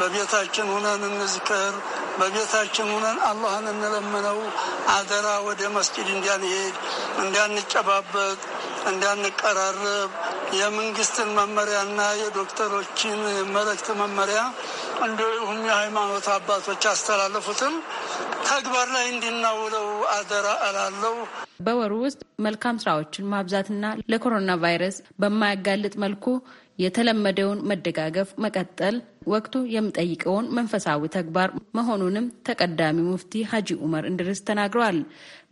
በቤታችን ሁነን እንዝከር በቤታችን ሁነን አላህን እንለምነው። አደራ ወደ መስጂድ እንዳንሄድ፣ እንዳንጨባበጥ፣ እንዳንቀራረብ የመንግስትን መመሪያና የዶክተሮችን መልእክት መመሪያ እንዲሁም የሃይማኖት አባቶች ያስተላለፉትን ተግባር ላይ እንድናውለው አደራ እላለሁ። በወሩ ውስጥ መልካም ስራዎችን ማብዛትና ለኮሮና ቫይረስ በማያጋልጥ መልኩ የተለመደውን መደጋገፍ መቀጠል ወቅቱ የሚጠይቀውን መንፈሳዊ ተግባር መሆኑንም ተቀዳሚ ሙፍቲ ሀጂ ኡመር እንድርስ ተናግረዋል።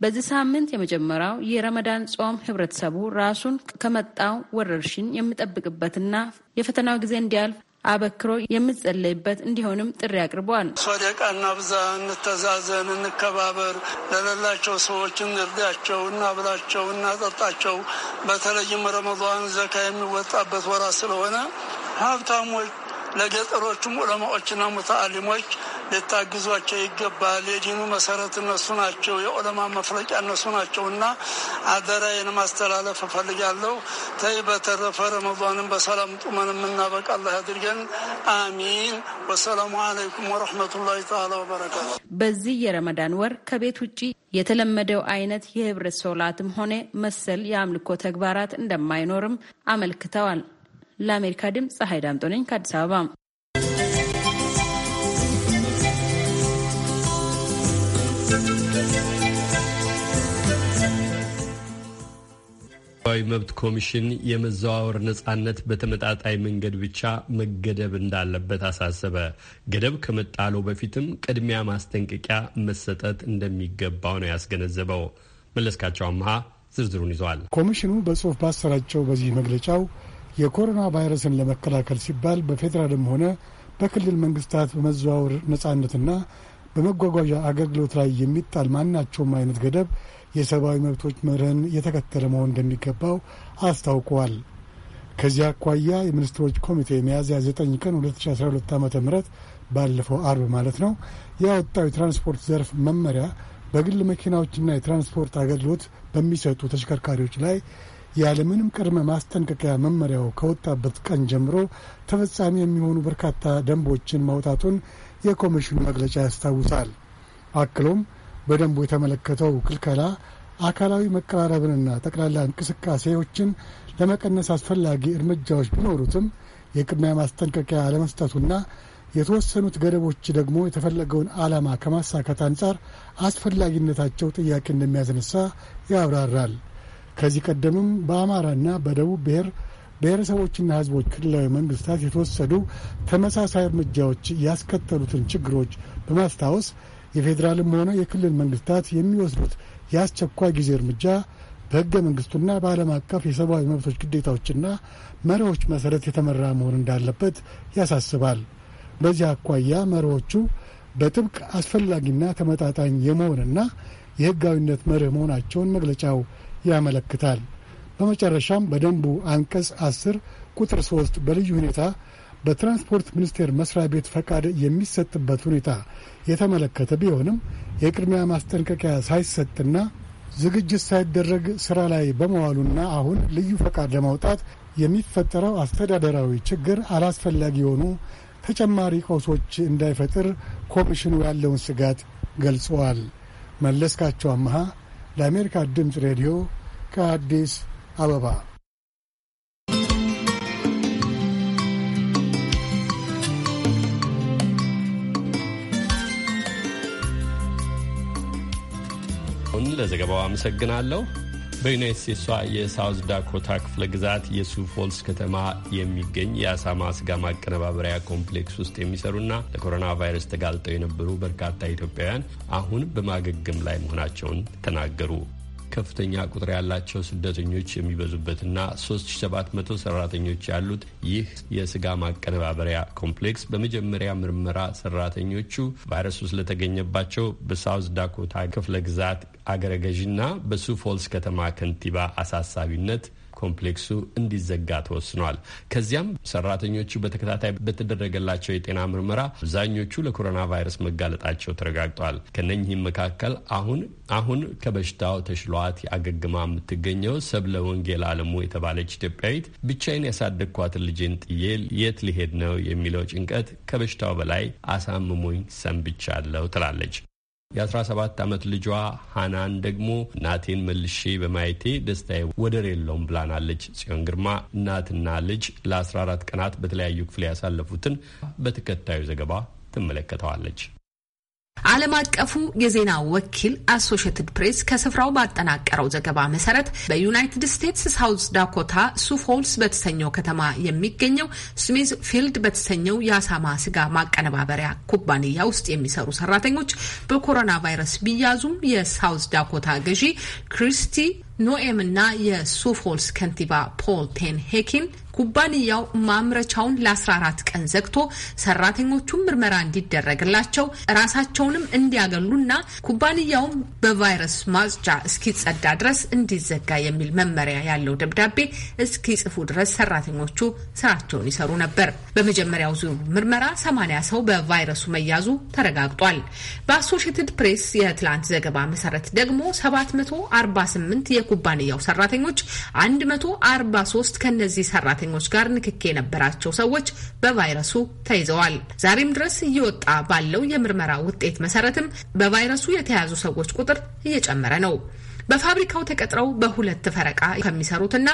በዚህ ሳምንት የመጀመሪያው የረመዳን ጾም ህብረተሰቡ ራሱን ከመጣው ወረርሽኝ የሚጠብቅበትና የፈተናው ጊዜ እንዲያልፍ አበክሮ የምትጸለይበት እንዲሆንም ጥሪ አቅርበዋል። ሶደቃ እናብዛ፣ እንተዛዘን፣ እንከባበር፣ ለሌላቸው ሰዎች እንርዳቸው፣ እናብላቸው፣ እናጠጣቸው። በተለይም ረመዷን ዘካ የሚወጣበት ወራ ስለሆነ ሀብታሞች ለገጠሮቹም ዑለማዎችና ሙተአሊሞች ልታግዟቸው ይገባል። የዲኑ መሰረት እነሱ ናቸው። የኦለማ መፍለቂያ እነሱ ናቸው እና አደራዬን ማስተላለፍ እፈልጋለሁ። ተይ በተረፈ ረመዷንን በሰላም ጡመን የምናበቃ አላህ አድርገን። አሚን። ወሰላሙ አለይኩም ወረሕመቱላሂ ተዓላ ወበረካቱ። በዚህ የረመዳን ወር ከቤት ውጭ የተለመደው አይነት የህብረት ሶላትም ሆነ መሰል የአምልኮ ተግባራት እንደማይኖርም አመልክተዋል። ለአሜሪካ ድምፅ ፀሐይ ዳምጦ ነኝ ከአዲስ አበባ። ሰብአዊ መብት ኮሚሽን የመዘዋወር ነጻነት በተመጣጣኝ መንገድ ብቻ መገደብ እንዳለበት አሳሰበ። ገደብ ከመጣሉ በፊትም ቅድሚያ ማስጠንቀቂያ መሰጠት እንደሚገባው ነው ያስገነዘበው። መለስካቸው አምሃ ዝርዝሩን ይዘዋል። ኮሚሽኑ በጽሁፍ ባሰራጨው በዚህ መግለጫው የኮሮና ቫይረስን ለመከላከል ሲባል በፌዴራልም ሆነ በክልል መንግስታት በመዘዋወር ነጻነትና በመጓጓዣ አገልግሎት ላይ የሚጣል ማናቸውም አይነት ገደብ የሰብአዊ መብቶች መርህን የተከተለ መሆን እንደሚገባው አስታውቀዋል። ከዚህ አኳያ የሚኒስትሮች ኮሚቴ ሚያዝያ 9 ቀን 2012 ዓ ም ባለፈው አርብ ማለት ነው ያወጣው የትራንስፖርት ዘርፍ መመሪያ በግል መኪናዎችና የትራንስፖርት አገልግሎት በሚሰጡ ተሽከርካሪዎች ላይ ያለምንም ቅድመ ማስጠንቀቂያ መመሪያው ከወጣበት ቀን ጀምሮ ተፈጻሚ የሚሆኑ በርካታ ደንቦችን ማውጣቱን የኮሚሽኑ መግለጫ ያስታውሳል። አክሎም በደንቡ የተመለከተው ክልከላ አካላዊ መቀራረብንና ጠቅላላ እንቅስቃሴዎችን ለመቀነስ አስፈላጊ እርምጃዎች ቢኖሩትም የቅድሚያ ማስጠንቀቂያ አለመስጠቱና የተወሰኑት ገደቦች ደግሞ የተፈለገውን ዓላማ ከማሳካት አንጻር አስፈላጊነታቸው ጥያቄ እንደሚያስነሳ ያብራራል። ከዚህ ቀደምም በአማራና በደቡብ ብሔር ብሔረሰቦችና ሕዝቦች ክልላዊ መንግስታት የተወሰዱ ተመሳሳይ እርምጃዎች ያስከተሉትን ችግሮች በማስታወስ የፌዴራልም ሆነ የክልል መንግስታት የሚወስዱት የአስቸኳይ ጊዜ እርምጃ በህገ መንግስቱና በዓለም አቀፍ የሰብአዊ መብቶች ግዴታዎችና መርሆች መሰረት የተመራ መሆን እንዳለበት ያሳስባል። በዚህ አኳያ መርሆቹ በጥብቅ አስፈላጊና ተመጣጣኝ የመሆንና የህጋዊነት መርህ መሆናቸውን መግለጫው ያመለክታል። በመጨረሻም በደንቡ አንቀጽ አስር ቁጥር ሶስት በልዩ ሁኔታ በትራንስፖርት ሚኒስቴር መስሪያ ቤት ፈቃድ የሚሰጥበት ሁኔታ የተመለከተ ቢሆንም የቅድሚያ ማስጠንቀቂያ ሳይሰጥና ዝግጅት ሳይደረግ ስራ ላይ በመዋሉና አሁን ልዩ ፈቃድ ለማውጣት የሚፈጠረው አስተዳደራዊ ችግር አላስፈላጊ የሆኑ ተጨማሪ ቀውሶች እንዳይፈጥር ኮሚሽኑ ያለውን ስጋት ገልጸዋል። መለስካቸው አመሃ ለአሜሪካ ድምፅ ሬዲዮ ከአዲስ አበባ ለዘገባው አመሰግናለሁ። በዩናይት ስቴትሷ የሳውዝ ዳኮታ ክፍለ ግዛት የሱፎልስ ከተማ የሚገኝ የአሳማ ስጋ ማቀነባበሪያ ኮምፕሌክስ ውስጥ የሚሰሩና ለኮሮና ቫይረስ ተጋልጠው የነበሩ በርካታ ኢትዮጵያውያን አሁን በማገገም ላይ መሆናቸውን ተናገሩ። ከፍተኛ ቁጥር ያላቸው ስደተኞች የሚበዙበትና 3700 ሰራተኞች ያሉት ይህ የስጋ ማቀነባበሪያ ኮምፕሌክስ በመጀመሪያ ምርመራ ሰራተኞቹ ቫይረሱ ስለተገኘባቸው በሳውዝ ዳኮታ ክፍለ ግዛት አገረ ገዥና በሱፎልስ ከተማ ከንቲባ አሳሳቢነት ኮምፕሌክሱ እንዲዘጋ ተወስኗል። ከዚያም ሰራተኞቹ በተከታታይ በተደረገላቸው የጤና ምርመራ አብዛኞቹ ለኮሮና ቫይረስ መጋለጣቸው ተረጋግጧል። ከነኚህም መካከል አሁን አሁን ከበሽታው ተሽሏት አገግማ የምትገኘው ሰብለ ወንጌል አለሙ የተባለች ኢትዮጵያዊት ብቻዬን ያሳደግኳትን ልጄን ጥዬ የት ሊሄድ ነው የሚለው ጭንቀት ከበሽታው በላይ አሳምሞኝ ሰንብቻለሁ ትላለች። የ17 ዓመት ልጇ ሀናን ደግሞ እናቴን መልሼ በማየቴ ደስታዬ ወደር የለውም ብላናለች። ጽዮን ግርማ እናትና ልጅ ለ14 ቀናት በተለያዩ ክፍል ያሳለፉትን በተከታዩ ዘገባ ትመለከተዋለች። ዓለም አቀፉ የዜና ወኪል አሶሽትድ ፕሬስ ከስፍራው ባጠናቀረው ዘገባ መሰረት በዩናይትድ ስቴትስ ሳውዝ ዳኮታ ሱፎልስ በተሰኘው ከተማ የሚገኘው ስሚዝ ፊልድ በተሰኘው የአሳማ ስጋ ማቀነባበሪያ ኩባንያ ውስጥ የሚሰሩ ሰራተኞች በኮሮና ቫይረስ ቢያዙም የሳውዝ ዳኮታ ገዢ ክሪስቲ ኖኤም እና የሱፎልስ ከንቲባ ፖል ቴን ሄኪን ኩባንያው ማምረቻውን ለ14 ቀን ዘግቶ ሰራተኞቹ ምርመራ እንዲደረግላቸው ራሳቸውንም እንዲያገሉና ኩባንያውም በቫይረስ ማጽጃ እስኪጸዳ ድረስ እንዲዘጋ የሚል መመሪያ ያለው ደብዳቤ እስኪጽፉ ድረስ ሰራተኞቹ ስራቸውን ይሰሩ ነበር። በመጀመሪያው ዙር ምርመራ 80 ሰው በቫይረሱ መያዙ ተረጋግጧል። በአሶሽትድ ፕሬስ የትላንት ዘገባ መሰረት ደግሞ 748 የኩባንያው ሰራተኞች 143 ከነዚህ ሰራተኞች ሰራተኞች ጋር ንክኬ የነበራቸው ሰዎች በቫይረሱ ተይዘዋል። ዛሬም ድረስ እየወጣ ባለው የምርመራ ውጤት መሰረትም በቫይረሱ የተያዙ ሰዎች ቁጥር እየጨመረ ነው። በፋብሪካው ተቀጥረው በሁለት ፈረቃ ከሚሰሩትና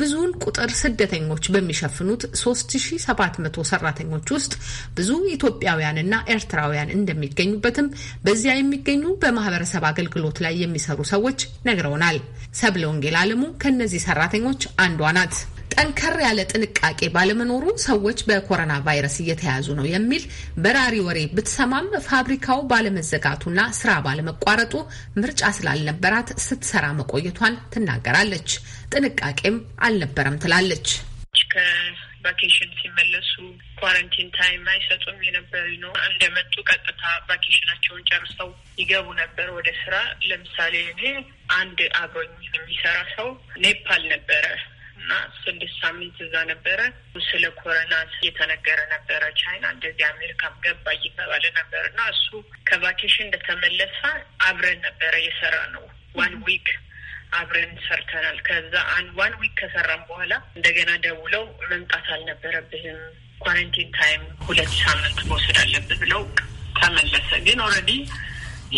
ብዙውን ቁጥር ስደተኞች በሚሸፍኑት 3700 ሰራተኞች ውስጥ ብዙ ኢትዮጵያውያንና ኤርትራውያን እንደሚገኙበትም በዚያ የሚገኙ በማህበረሰብ አገልግሎት ላይ የሚሰሩ ሰዎች ነግረውናል። ሰብለ ወንጌል አለሙ ከእነዚህ ሰራተኞች አንዷ ናት። ጠንከር ያለ ጥንቃቄ ባለመኖሩ ሰዎች በኮሮና ቫይረስ እየተያዙ ነው የሚል በራሪ ወሬ ብትሰማም ፋብሪካው ባለመዘጋቱና ስራ ባለመቋረጡ ምርጫ ስላልነበራት ስትሰራ መቆየቷን ትናገራለች። ጥንቃቄም አልነበረም ትላለች። ቫኬሽን ሲመለሱ ኳረንቲን ታይም አይሰጡም የነበሩ ነው። እንደመጡ ቀጥታ ቫኬሽናቸውን ጨርሰው ይገቡ ነበር ወደ ስራ። ለምሳሌ እኔ አንድ አብሮኝ የሚሰራ ሰው ኔፓል ነበረ እና ስድስት ሳምንት እዛ ነበረ። ስለ ኮረና እየተነገረ ነበረ። ቻይና እንደዚህ አሜሪካ ገባ እየተባለ ነበር እና እሱ ከቫኬሽን እንደተመለሰ አብረን ነበረ የሰራ ነው። ዋን ዊክ አብረን ሰርተናል። ከዛ ዋን ዊክ ከሰራም በኋላ እንደገና ደውለው መምጣት አልነበረብህም ኳረንቲን ታይም ሁለት ሳምንት መውሰድ አለብህ ብለው ተመለሰ። ግን ኦልሬዲ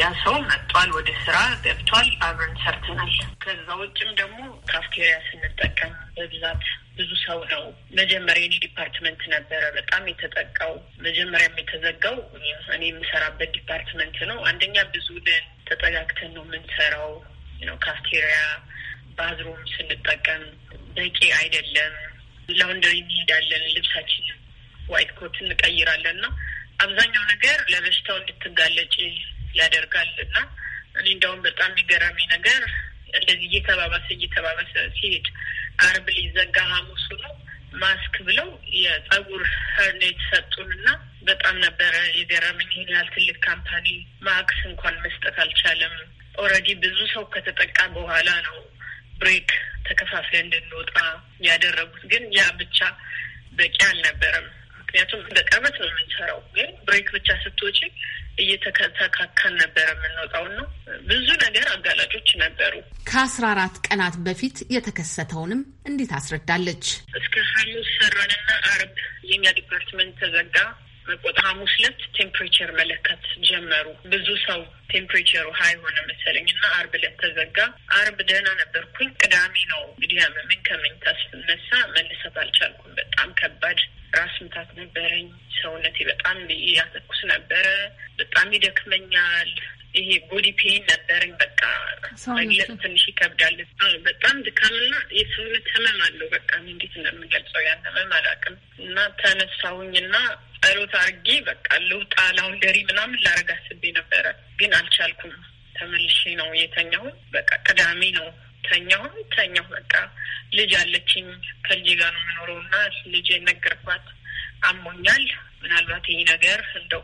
ያ ሰው መጥቷል፣ ወደ ስራ ገብቷል፣ አብረን ሰርተናል። ከዛ ውጭም ደግሞ ካፍቴሪያ ስንጠቀም በብዛት ብዙ ሰው ነው። መጀመሪያ የኔ ዲፓርትመንት ነበረ በጣም የተጠቃው። መጀመሪያም የተዘጋው እኔ የምሰራበት ዲፓርትመንት ነው። አንደኛ ብዙ ደን ተጠጋግተን ነው የምንሰራው ነው። ካፍቴሪያ ባዝሩም ስንጠቀም በቂ አይደለም። ላውንደሪ እንሄዳለን፣ ልብሳችን ዋይት ኮት እንቀይራለን እና አብዛኛው ነገር ለበሽታው እንድትጋለጭ ያደርጋል እና እኔ እንደውም በጣም የሚገራሚ ነገር እንደዚህ እየተባባሰ እየተባባሰ ሲሄድ አርብ ሊዘጋ ሐሙሱ ነው ማስክ ብለው የጸጉር ሄርኔ የተሰጡን እና በጣም ነበረ የገረመኝ። ይህን ያህል ትልቅ ካምፓኒ ማክስ እንኳን መስጠት አልቻለም። ኦልሬዲ ብዙ ሰው ከተጠቃ በኋላ ነው ብሬክ ተከፋፍለ እንድንወጣ ያደረጉት። ግን ያ ብቻ በቂ አልነበረም። ምክንያቱም እንደ በቀመት ነው የምንሰራው። ግን ብሬክ ብቻ ስትወጪ እየተከተካካን ነበር የምንወጣው ነው። ብዙ ነገር አጋላጮች ነበሩ። ከአስራ አራት ቀናት በፊት የተከሰተውንም እንዴት አስረዳለች። እስከ ሐሙስ ሰራንና አርብ የኛ ዲፓርትመንት ተዘጋ። መቆጣ ሐሙስ ዕለት ቴምፕሬቸር መለከት ጀመሩ። ብዙ ሰው ቴምፕሬቸሩ ሀይ ሆነ መሰለኝ እና አርብ ዕለት ተዘጋ። አርብ ደህና ነበርኩኝ። ቅዳሜ ነው እንግዲህ ያመመኝ። ከመኝታ ስነሳ መልሰት አልቻልኩም። በጣም ከባድ ራስ ምታት ነበረኝ። ሰውነቴ በጣም እያተኩስ ነበረ። በጣም ይደክመኛል። ይሄ ቦዲ ፔን ነበረኝ። በቃ መግለጽ ትንሽ ይከብዳል። በጣም ድካምና የሰውነት ህመም አለው። በቃ እንዴት እንደምንገልጸው ያን ህመም አላውቅም። እና ተነሳሁኝና ጸሎት አድርጌ በቃ ልውጣ ላውንደሪ ምናምን ላረግ አስቤ ነበረ ግን አልቻልኩም። ተመልሼ ነው የተኛው በቃ ቅዳሜ ነው ተኛሁ ተኛሁ። በቃ ልጅ አለችኝ ከልጅ ጋር ነው የምኖረው እና ልጅ ነገርኳት። አሞኛል ምናልባት ይህ ነገር እንደ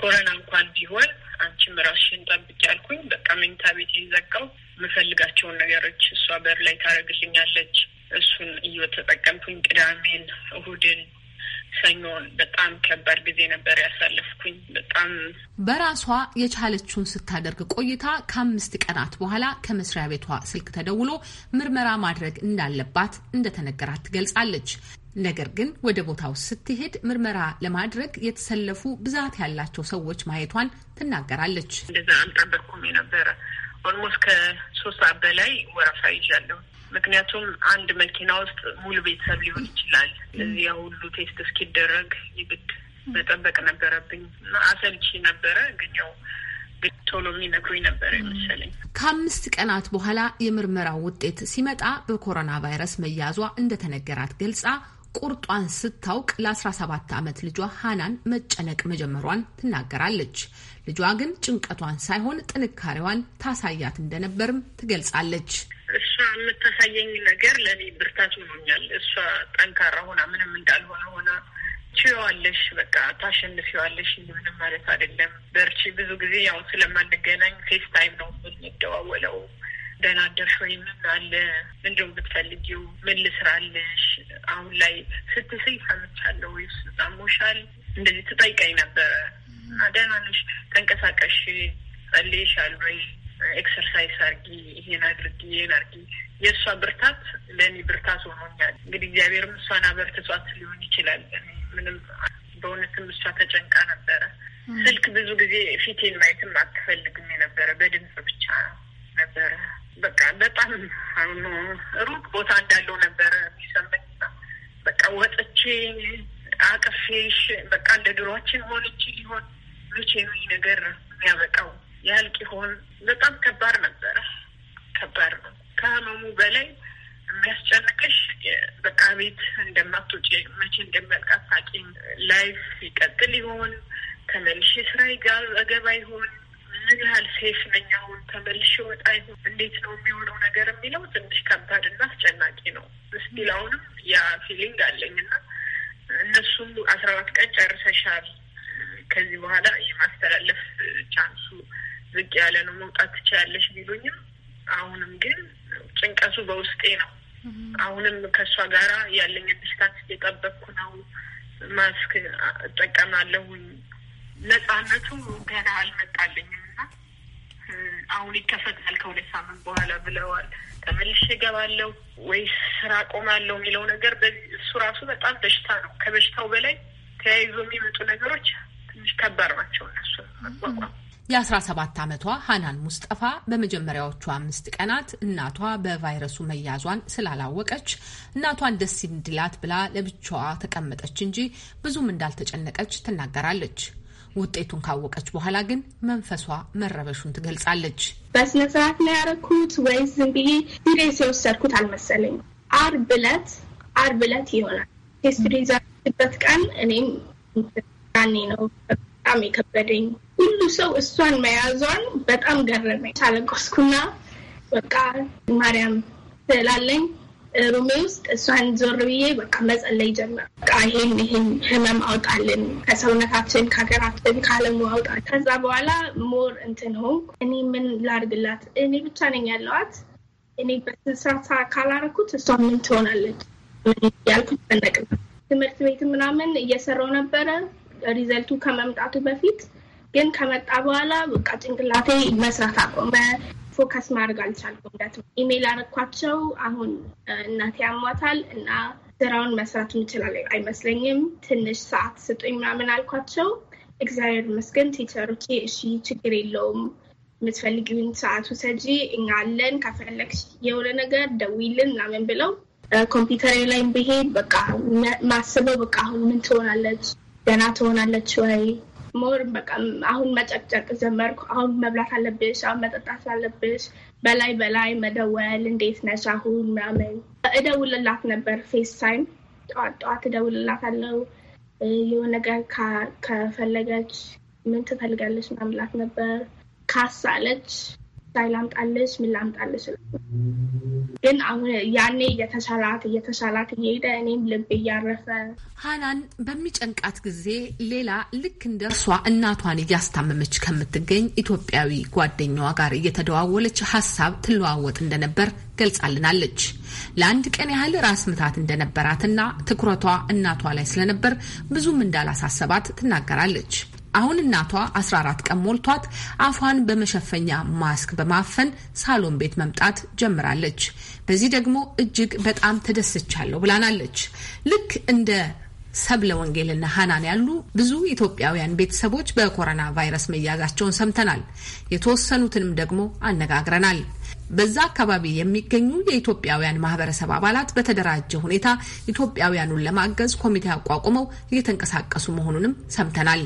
ኮረና እንኳን ቢሆን አንቺም ራስሽን ጠብቂ ያልኩኝ። በቃ መኝታ ቤት የዘጋው የምፈልጋቸውን ነገሮች እሷ በር ላይ ታደርግልኛለች። እሱን እየተጠቀምኩኝ ቅዳሜን እሁድን ሰኞን በጣም ከባድ ጊዜ ነበር ያሳለፍኩኝ። በጣም በራሷ የቻለችውን ስታደርግ ቆይታ ከአምስት ቀናት በኋላ ከመስሪያ ቤቷ ስልክ ተደውሎ ምርመራ ማድረግ እንዳለባት እንደተነገራት ትገልጻለች። ነገር ግን ወደ ቦታው ስትሄድ ምርመራ ለማድረግ የተሰለፉ ብዛት ያላቸው ሰዎች ማየቷን ትናገራለች። እንደዛ አልጠበቅኩም የነበረ ኦልሞስት ከሶስት በላይ ወረፋ ይዣለሁ። ምክንያቱም አንድ መኪና ውስጥ ሙሉ ቤተሰብ ሊሆን ይችላል። ስለዚህ ያ ሁሉ ቴስት እስኪደረግ የግድ መጠበቅ ነበረብኝ እና አሰልቺ ነበረ ግን ያው ቶሎ የሚነግሩኝ ነበር ይመስለኝ። ከአምስት ቀናት በኋላ የምርመራው ውጤት ሲመጣ በኮሮና ቫይረስ መያዟ እንደተነገራት ገልጻ ቁርጧን ስታውቅ ለ17 ዓመት ልጇ ሀናን መጨነቅ መጀመሯን ትናገራለች። ልጇ ግን ጭንቀቷን ሳይሆን ጥንካሬዋን ታሳያት እንደነበርም ትገልጻለች። የምታሳየኝ ነገር ለእኔ ብርታት ሆኖኛል። እሷ ጠንካራ ሆና ምንም እንዳልሆነ ሆና ችዋለሽ፣ በቃ ታሸንፊዋለሽ። ምንም ማለት አይደለም፣ በርቺ። ብዙ ጊዜ ያው ስለማንገናኝ ፌስ ታይም ነው የምንደዋወለው። ደህና አደርሽ ወይ ምን አለ ምንድን ብትፈልጊው ምን ልስራለሽ? አሁን ላይ ስትስይ ሰምቻለሁ፣ ጣሞሻል፣ እንደዚህ ትጠይቀኝ ነበረ እና ደህና ነሽ? ተንቀሳቀሽ፣ ጸልይሻል ወይ ኤክሰርሳይዝ አርጊ፣ ይሄን አድርጊ፣ ይሄን አርጊ። የእሷ ብርታት ለእኔ ብርታት ሆኖኛል። እንግዲህ እግዚአብሔርም እሷን አበርትቷት ሊሆን ይችላል። ምንም በእውነትም እሷ ተጨንቃ ነበረ። ስልክ ብዙ ጊዜ ፊቴን ማየትም አትፈልግም የነበረ በድምፅ ብቻ ነበረ። በቃ በጣም አሁኑ ሩቅ ቦታ እንዳለው ነበረ የሚሰማኝ። በቃ ወጥቼ አቅፌሽ በቃ እንደ ድሮችን ሆንች ሊሆን መቼ ነው ነገር የሚያበቃው? ያልቅ ይሆን? በጣም ከባድ ነበረ። ከባድ ነው። ከህመሙ በላይ የሚያስጨንቅሽ በቃ ቤት እንደማትወጪ መቼ እንደሚያልቃፋቂ ላይፍ ይቀጥል ይሆን? ተመልሼ ስራ ገባ ይሆን? ምን ያህል ሴፍ ነኝ? አሁን ተመልሼ ወጣ ይሆን? እንዴት ነው የሚሆነው ነገር የሚለው ትንሽ ከባድ እና አስጨናቂ ነው። ስቲል አሁንም ያ ፊሊንግ አለኝ እና እነሱም አስራ አራት ቀን ጨርሰሻል ከዚህ በኋላ የማስተላለፍ ቻንሱ ዝቅ ያለ ነው መውጣት ትችያለሽ ቢሉኝም አሁንም ግን ጭንቀቱ በውስጤ ነው። አሁንም ከእሷ ጋራ ያለኝ ስታት እየጠበቅኩ ነው። ማስክ እጠቀማለሁኝ። ነጻነቱ ገና አልመጣልኝም እና አሁን ይከፈታል ከሁለት ሳምንት በኋላ ብለዋል። ተመልሼ እገባለሁ ወይስ ስራ ቆማለሁ የሚለው ነገር እሱ ራሱ በጣም በሽታ ነው። ከበሽታው በላይ ተያይዞ የሚመጡ ነገሮች ትንሽ ከባድ ናቸው እነሱ መቋቋም የ17 ዓመቷ ሃናን ሙስጠፋ በመጀመሪያዎቹ አምስት ቀናት እናቷ በቫይረሱ መያዟን ስላላወቀች እናቷን ደስ እንዲላት ብላ ለብቻዋ ተቀመጠች እንጂ ብዙም እንዳልተጨነቀች ትናገራለች። ውጤቱን ካወቀች በኋላ ግን መንፈሷ መረበሹን ትገልጻለች። በስነ ስርዓት ነው ያደረኩት ወይስ ዝም ብዬ ሲሪየስ የወሰድኩት አልመሰለኝ። አርብ ዕለት አርብ ዕለት ይሆናል ቴስት ሪዛልትበት ቀን እኔም ያኔ ነው በጣም የከበደኝ ሁሉ ሰው እሷን መያዟን በጣም ገረመኝ። ሳለቆስኩና በቃ ማርያም ስላለኝ ሩሜ ውስጥ እሷን ዞር ብዬ በቃ መጸለይ ጀመር። በቃ ይህን ይህን ህመም አውጣልን፣ ከሰውነታችን፣ ከሀገራችን፣ ከአለሙ አውጣል ከዛ በኋላ ሞር እንትን ሆንኩ። እኔ ምን ላርግላት? እኔ ብቻ ነኝ ያለዋት። እኔ በስንሳታ ካላረኩት እሷ ምን ትሆናለች? ያልኩት ትምህርት ቤት ምናምን እየሰራው ነበረ ሪዘልቱ ከመምጣቱ በፊት ግን ከመጣ በኋላ በቃ ጭንቅላቴ መስራት አቆመ። ፎከስ ማድረግ አልቻልኩም። ዳት ኢሜይል አረኳቸው። አሁን እናቴ ያሟታል እና ስራውን መስራት የምችል አይመስለኝም። ትንሽ ሰዓት ስጡኝ ምናምን አልኳቸው። እግዚአብሔር ይመስገን ቲቸሮቼ እሺ፣ ችግር የለውም የምትፈልጊውን ሰዓት ውሰጂ፣ እኛ አለን፣ ከፈለግሽ የሆነ ነገር ደውይልን ምናምን ብለው ኮምፒውተሬ ላይ ብሄድ በቃ ማስበው በቃ አሁን ምን ትሆናለች፣ ደህና ትሆናለች ወይ ሞር በቃ አሁን መጨቅጨቅ ጀመርኩ። አሁን መብላት አለብሽ፣ አሁን መጠጣት አለብሽ፣ በላይ በላይ መደወል፣ እንዴት ነሽ አሁን ምናምን። እደውልላት ነበር ፌስ ታይም ጠዋት ጠዋት እደውልላት አለው። የሆነ ነገር ከፈለገች ምን ትፈልጋለች ማምላት ነበር ካሳለች ሻይ ላምጣልሽ፣ ምን ላምጣልሽ። ግን አሁን ያኔ እየተሻላት እየተሻላት እየሄደ እኔም ልብ እያረፈ ሀናን በሚጨንቃት ጊዜ ሌላ ልክ እንደ እርሷ እናቷን እያስታመመች ከምትገኝ ኢትዮጵያዊ ጓደኛዋ ጋር እየተደዋወለች ሀሳብ ትለዋወጥ እንደነበር ገልጻልናለች። ለአንድ ቀን ያህል ራስ ምታት እንደነበራትና ትኩረቷ እናቷ ላይ ስለነበር ብዙም እንዳላሳሰባት ትናገራለች። አሁን እናቷ 14 ቀን ሞልቷት አፏን በመሸፈኛ ማስክ በማፈን ሳሎን ቤት መምጣት ጀምራለች። በዚህ ደግሞ እጅግ በጣም ተደስቻለሁ ብላናለች። ልክ እንደ ሰብለ ወንጌልና ሀናን ያሉ ብዙ ኢትዮጵያውያን ቤተሰቦች በኮሮና ቫይረስ መያዛቸውን ሰምተናል። የተወሰኑትንም ደግሞ አነጋግረናል። በዛ አካባቢ የሚገኙ የኢትዮጵያውያን ማህበረሰብ አባላት በተደራጀ ሁኔታ ኢትዮጵያውያኑን ለማገዝ ኮሚቴ አቋቁመው እየተንቀሳቀሱ መሆኑንም ሰምተናል።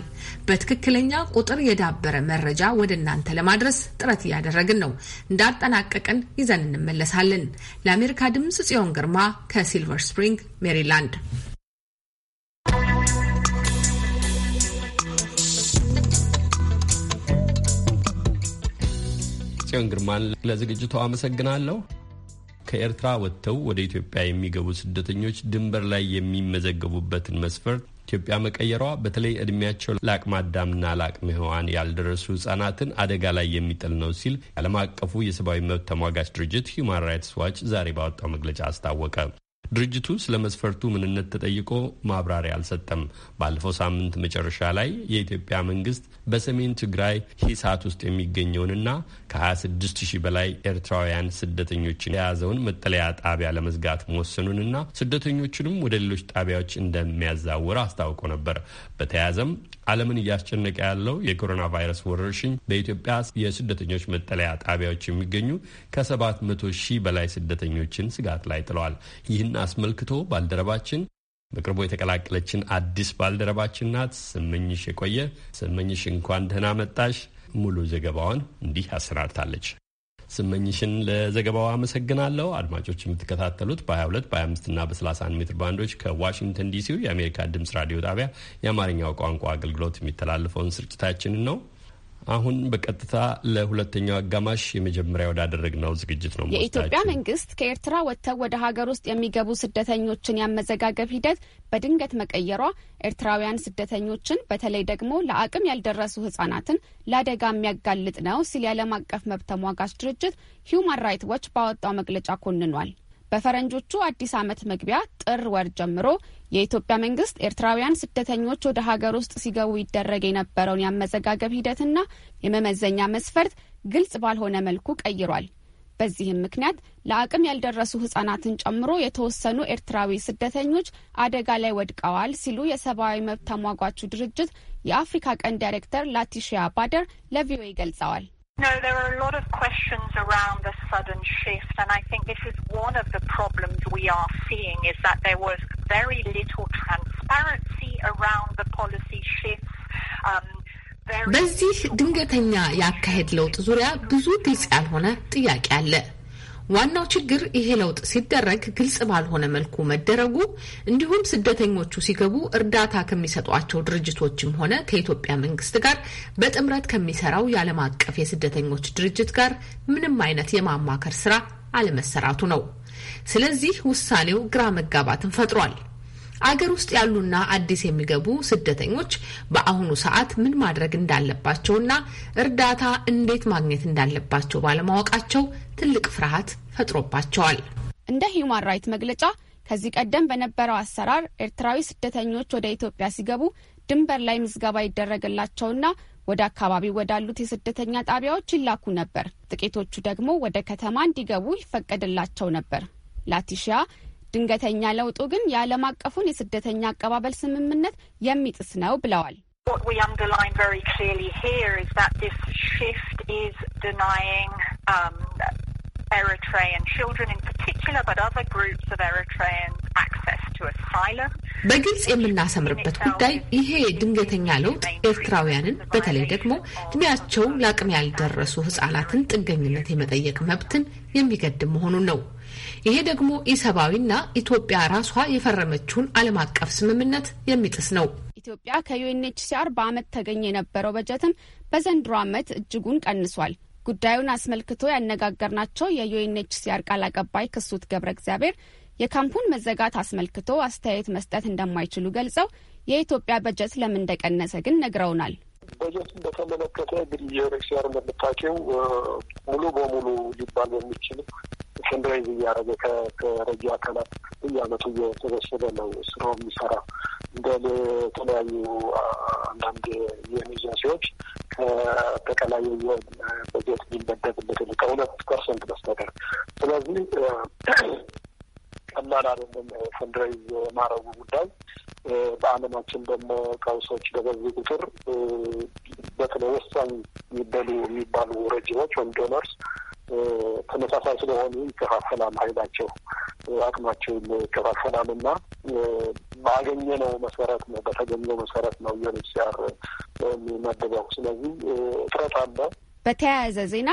በትክክለኛ ቁጥር የዳበረ መረጃ ወደ እናንተ ለማድረስ ጥረት እያደረግን ነው። እንዳጠናቀቅን ይዘን እንመለሳለን። ለአሜሪካ ድምፅ ጽዮን ግርማ ከሲልቨር ስፕሪንግ ሜሪላንድ ጽዮን ግርማን ለዝግጅቷ አመሰግናለሁ። ከኤርትራ ወጥተው ወደ ኢትዮጵያ የሚገቡ ስደተኞች ድንበር ላይ የሚመዘገቡበትን መስፈርት ኢትዮጵያ መቀየሯ በተለይ እድሜያቸው ለአቅመ አዳምና ለአቅመ ሔዋን ያልደረሱ ህጻናትን አደጋ ላይ የሚጥል ነው ሲል ዓለም አቀፉ የሰብአዊ መብት ተሟጋች ድርጅት ሁማን ራይትስ ዋች ዛሬ ባወጣው መግለጫ አስታወቀ። ድርጅቱ ስለ መስፈርቱ ምንነት ተጠይቆ ማብራሪያ አልሰጠም። ባለፈው ሳምንት መጨረሻ ላይ የኢትዮጵያ መንግስት በሰሜን ትግራይ ሂሳት ውስጥ የሚገኘውንና ከ26 ሺህ በላይ ኤርትራውያን ስደተኞችን የያዘውን መጠለያ ጣቢያ ለመዝጋት መወሰኑንና ስደተኞቹንም ወደ ሌሎች ጣቢያዎች እንደሚያዛውር አስታውቆ ነበር። በተያያዘም ዓለምን እያስጨነቀ ያለው የኮሮና ቫይረስ ወረርሽኝ በኢትዮጵያ የስደተኞች መጠለያ ጣቢያዎች የሚገኙ ከ700 ሺህ በላይ ስደተኞችን ስጋት ላይ ጥለዋል። ይህን አስመልክቶ ባልደረባችን በቅርቡ የተቀላቀለችን አዲስ ባልደረባችን ናት ስመኝሽ የቆየ። ስመኝሽ እንኳን ደህና መጣሽ። ሙሉ ዘገባዋን እንዲህ አሰናድታለች። ስመኝሽን ለዘገባው አመሰግናለሁ። አድማጮች የምትከታተሉት በ22 በ25 እና በ31 ሜትር ባንዶች ከዋሽንግተን ዲሲው የአሜሪካ ድምፅ ራዲዮ ጣቢያ የአማርኛው ቋንቋ አገልግሎት የሚተላለፈውን ስርጭታችንን ነው። አሁን በቀጥታ ለሁለተኛው አጋማሽ የመጀመሪያ ወዳደረግነው ዝግጅት ነው። የኢትዮጵያ መንግስት ከኤርትራ ወጥተው ወደ ሀገር ውስጥ የሚገቡ ስደተኞችን ያመዘጋገብ ሂደት በድንገት መቀየሯ ኤርትራውያን ስደተኞችን በተለይ ደግሞ ለአቅም ያልደረሱ ህጻናትን ለአደጋ የሚያጋልጥ ነው ሲል የዓለም አቀፍ መብት ተሟጋች ድርጅት ሂዩማን ራይትስ ዎች ባወጣው መግለጫ ኮንኗል። በፈረንጆቹ አዲስ ዓመት መግቢያ ጥር ወር ጀምሮ የኢትዮጵያ መንግስት ኤርትራውያን ስደተኞች ወደ ሀገር ውስጥ ሲገቡ ይደረግ የነበረውን ያመዘጋገብ ሂደትና የመመዘኛ መስፈርት ግልጽ ባልሆነ መልኩ ቀይሯል። በዚህም ምክንያት ለአቅም ያልደረሱ ህጻናትን ጨምሮ የተወሰኑ ኤርትራዊ ስደተኞች አደጋ ላይ ወድቀዋል ሲሉ የሰብአዊ መብት ተሟጓቹ ድርጅት የአፍሪካ ቀንድ ዳይሬክተር ላቲሺያ ባደር ለቪኦኤ ገልጸዋል። No, there are a lot of questions around the sudden shift, and I think this is one of the problems we are seeing is that there was very little transparency around the policy shifts. Um, በዚህ ድንገተኛ የአካሄድ ለውጥ ዙሪያ ብዙ ግልጽ ያልሆነ ጥያቄ አለ። ዋናው ችግር ይሄ ለውጥ ሲደረግ ግልጽ ባልሆነ መልኩ መደረጉ እንዲሁም ስደተኞቹ ሲገቡ እርዳታ ከሚሰጧቸው ድርጅቶችም ሆነ ከኢትዮጵያ መንግስት ጋር በጥምረት ከሚሰራው የዓለም አቀፍ የስደተኞች ድርጅት ጋር ምንም አይነት የማማከር ስራ አለመሰራቱ ነው። ስለዚህ ውሳኔው ግራ መጋባትን ፈጥሯል። አገር ውስጥ ያሉና አዲስ የሚገቡ ስደተኞች በአሁኑ ሰዓት ምን ማድረግ እንዳለባቸውና እርዳታ እንዴት ማግኘት እንዳለባቸው ባለማወቃቸው ትልቅ ፍርሃት ፈጥሮባቸዋል። እንደ ሂውማን ራይት መግለጫ ከዚህ ቀደም በነበረው አሰራር ኤርትራዊ ስደተኞች ወደ ኢትዮጵያ ሲገቡ ድንበር ላይ ምዝገባ ይደረግላቸውና ወደ አካባቢ ወዳሉት የስደተኛ ጣቢያዎች ይላኩ ነበር። ጥቂቶቹ ደግሞ ወደ ከተማ እንዲገቡ ይፈቀድላቸው ነበር። ላቲሺያ ድንገተኛ ለውጡ ግን የዓለም አቀፉን የስደተኛ አቀባበል ስምምነት የሚጥስ ነው ብለዋል። um, በግልጽ የምናሰምርበት ጉዳይ ይሄ ድንገተኛ ለውጥ ኤርትራውያንን በተለይ ደግሞ እድሜያቸው ለአቅም ያልደረሱ ህጻናትን ጥገኝነት የመጠየቅ መብትን የሚገድም መሆኑን ነው። ይሄ ደግሞ ኢሰብአዊና ኢትዮጵያ ራሷ የፈረመችውን ዓለም አቀፍ ስምምነት የሚጥስ ነው። ኢትዮጵያ ከዩኤንኤችሲአር በአመት ተገኘ የነበረው በጀትም በዘንድሮ ዓመት እጅጉን ቀንሷል። ጉዳዩን አስመልክቶ ያነጋገርናቸው የዩኤንኤችሲአር ቃል አቀባይ ክሱት ገብረ እግዚአብሔር የካምፑን መዘጋት አስመልክቶ አስተያየት መስጠት እንደማይችሉ ገልጸው የኢትዮጵያ በጀት ለምን እንደቀነሰ ግን ነግረውናል። በጀት በተመለከተ እንግዲህ የዩኤንኤችሲአር እንደምታውቂው ሙሉ በሙሉ ሊባል የሚችል ፈንድሬዝ እያደረገ ከረጂ አካላት በየአመቱ እየተበሰበ ነው ስራው የሚሰራ እንደ የተለያዩ አንዳንድ የኤጀንሲዎች ከአጠቃላይ በጀት የሚመደብለትን ከሁለት ፐርሰንት በስተቀር ስለዚህ ቀላል አይደለም ፈንድሬዝ የማረጉ ጉዳይ። በአለማችን ደግሞ ቀውሶች በበዙ ቁጥር በተለይ ወሳኝ የሚበሉ የሚባሉ ረጂዎች ወይም ዶነርስ ተመሳሳይ ስለሆኑ ይከፋፈላል። ኃይላቸው አቅማቸውን ይከፋፈላል እና ነው መሰረት ነው በተገኘው መሰረት ነው የንሲያር የሚመደበው። ስለዚህ እጥረት አለ። በተያያዘ ዜና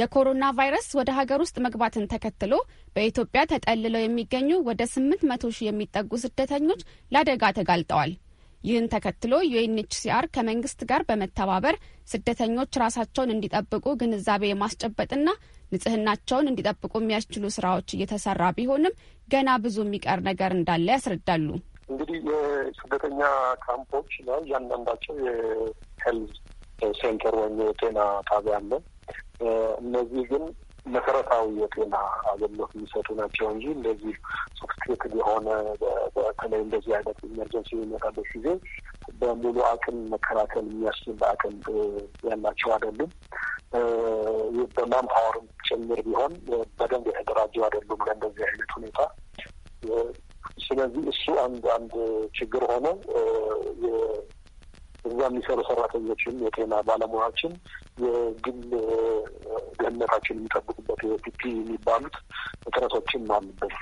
የኮሮና ቫይረስ ወደ ሀገር ውስጥ መግባትን ተከትሎ በኢትዮጵያ ተጠልለው የሚገኙ ወደ ስምንት መቶ ሺህ የሚጠጉ ስደተኞች ለአደጋ ተጋልጠዋል። ይህን ተከትሎ ዩኤንኤችሲአር ከመንግስት ጋር በመተባበር ስደተኞች ራሳቸውን እንዲጠብቁ ግንዛቤ የማስጨበጥና ንጽህናቸውን እንዲጠብቁ የሚያስችሉ ስራዎች እየተሰራ ቢሆንም ገና ብዙ የሚቀር ነገር እንዳለ ያስረዳሉ። እንግዲህ የስደተኛ ካምፖች ላይ እያንዳንዳቸው የሄልዝ ሴንተር ወይም የጤና ጣቢያ አለ። እነዚህ ግን መሰረታዊ የጤና አገልግሎት የሚሰጡ ናቸው እንጂ እንደዚህ ሶፍስቲኬትድ የሆነ በተለይ እንደዚህ አይነት ኢመርጀንሲ የሚመጣበት ጊዜ በሙሉ አቅም መከላከል የሚያስችል አቅም ያላቸው አይደሉም። በማምፓወርም ጭምር ቢሆን በደንብ የተደራጀው አይደሉም ለእንደዚህ አይነት ሁኔታ። ስለዚህ እሱ አንድ አንድ ችግር ሆነው እዛ የሚሰሩ ሰራተኞችም የጤና ባለሙያዎችን የግል ደህንነታችን የሚጠብቁበት የፒፒ የሚባሉት እጥረቶችን አሉበት።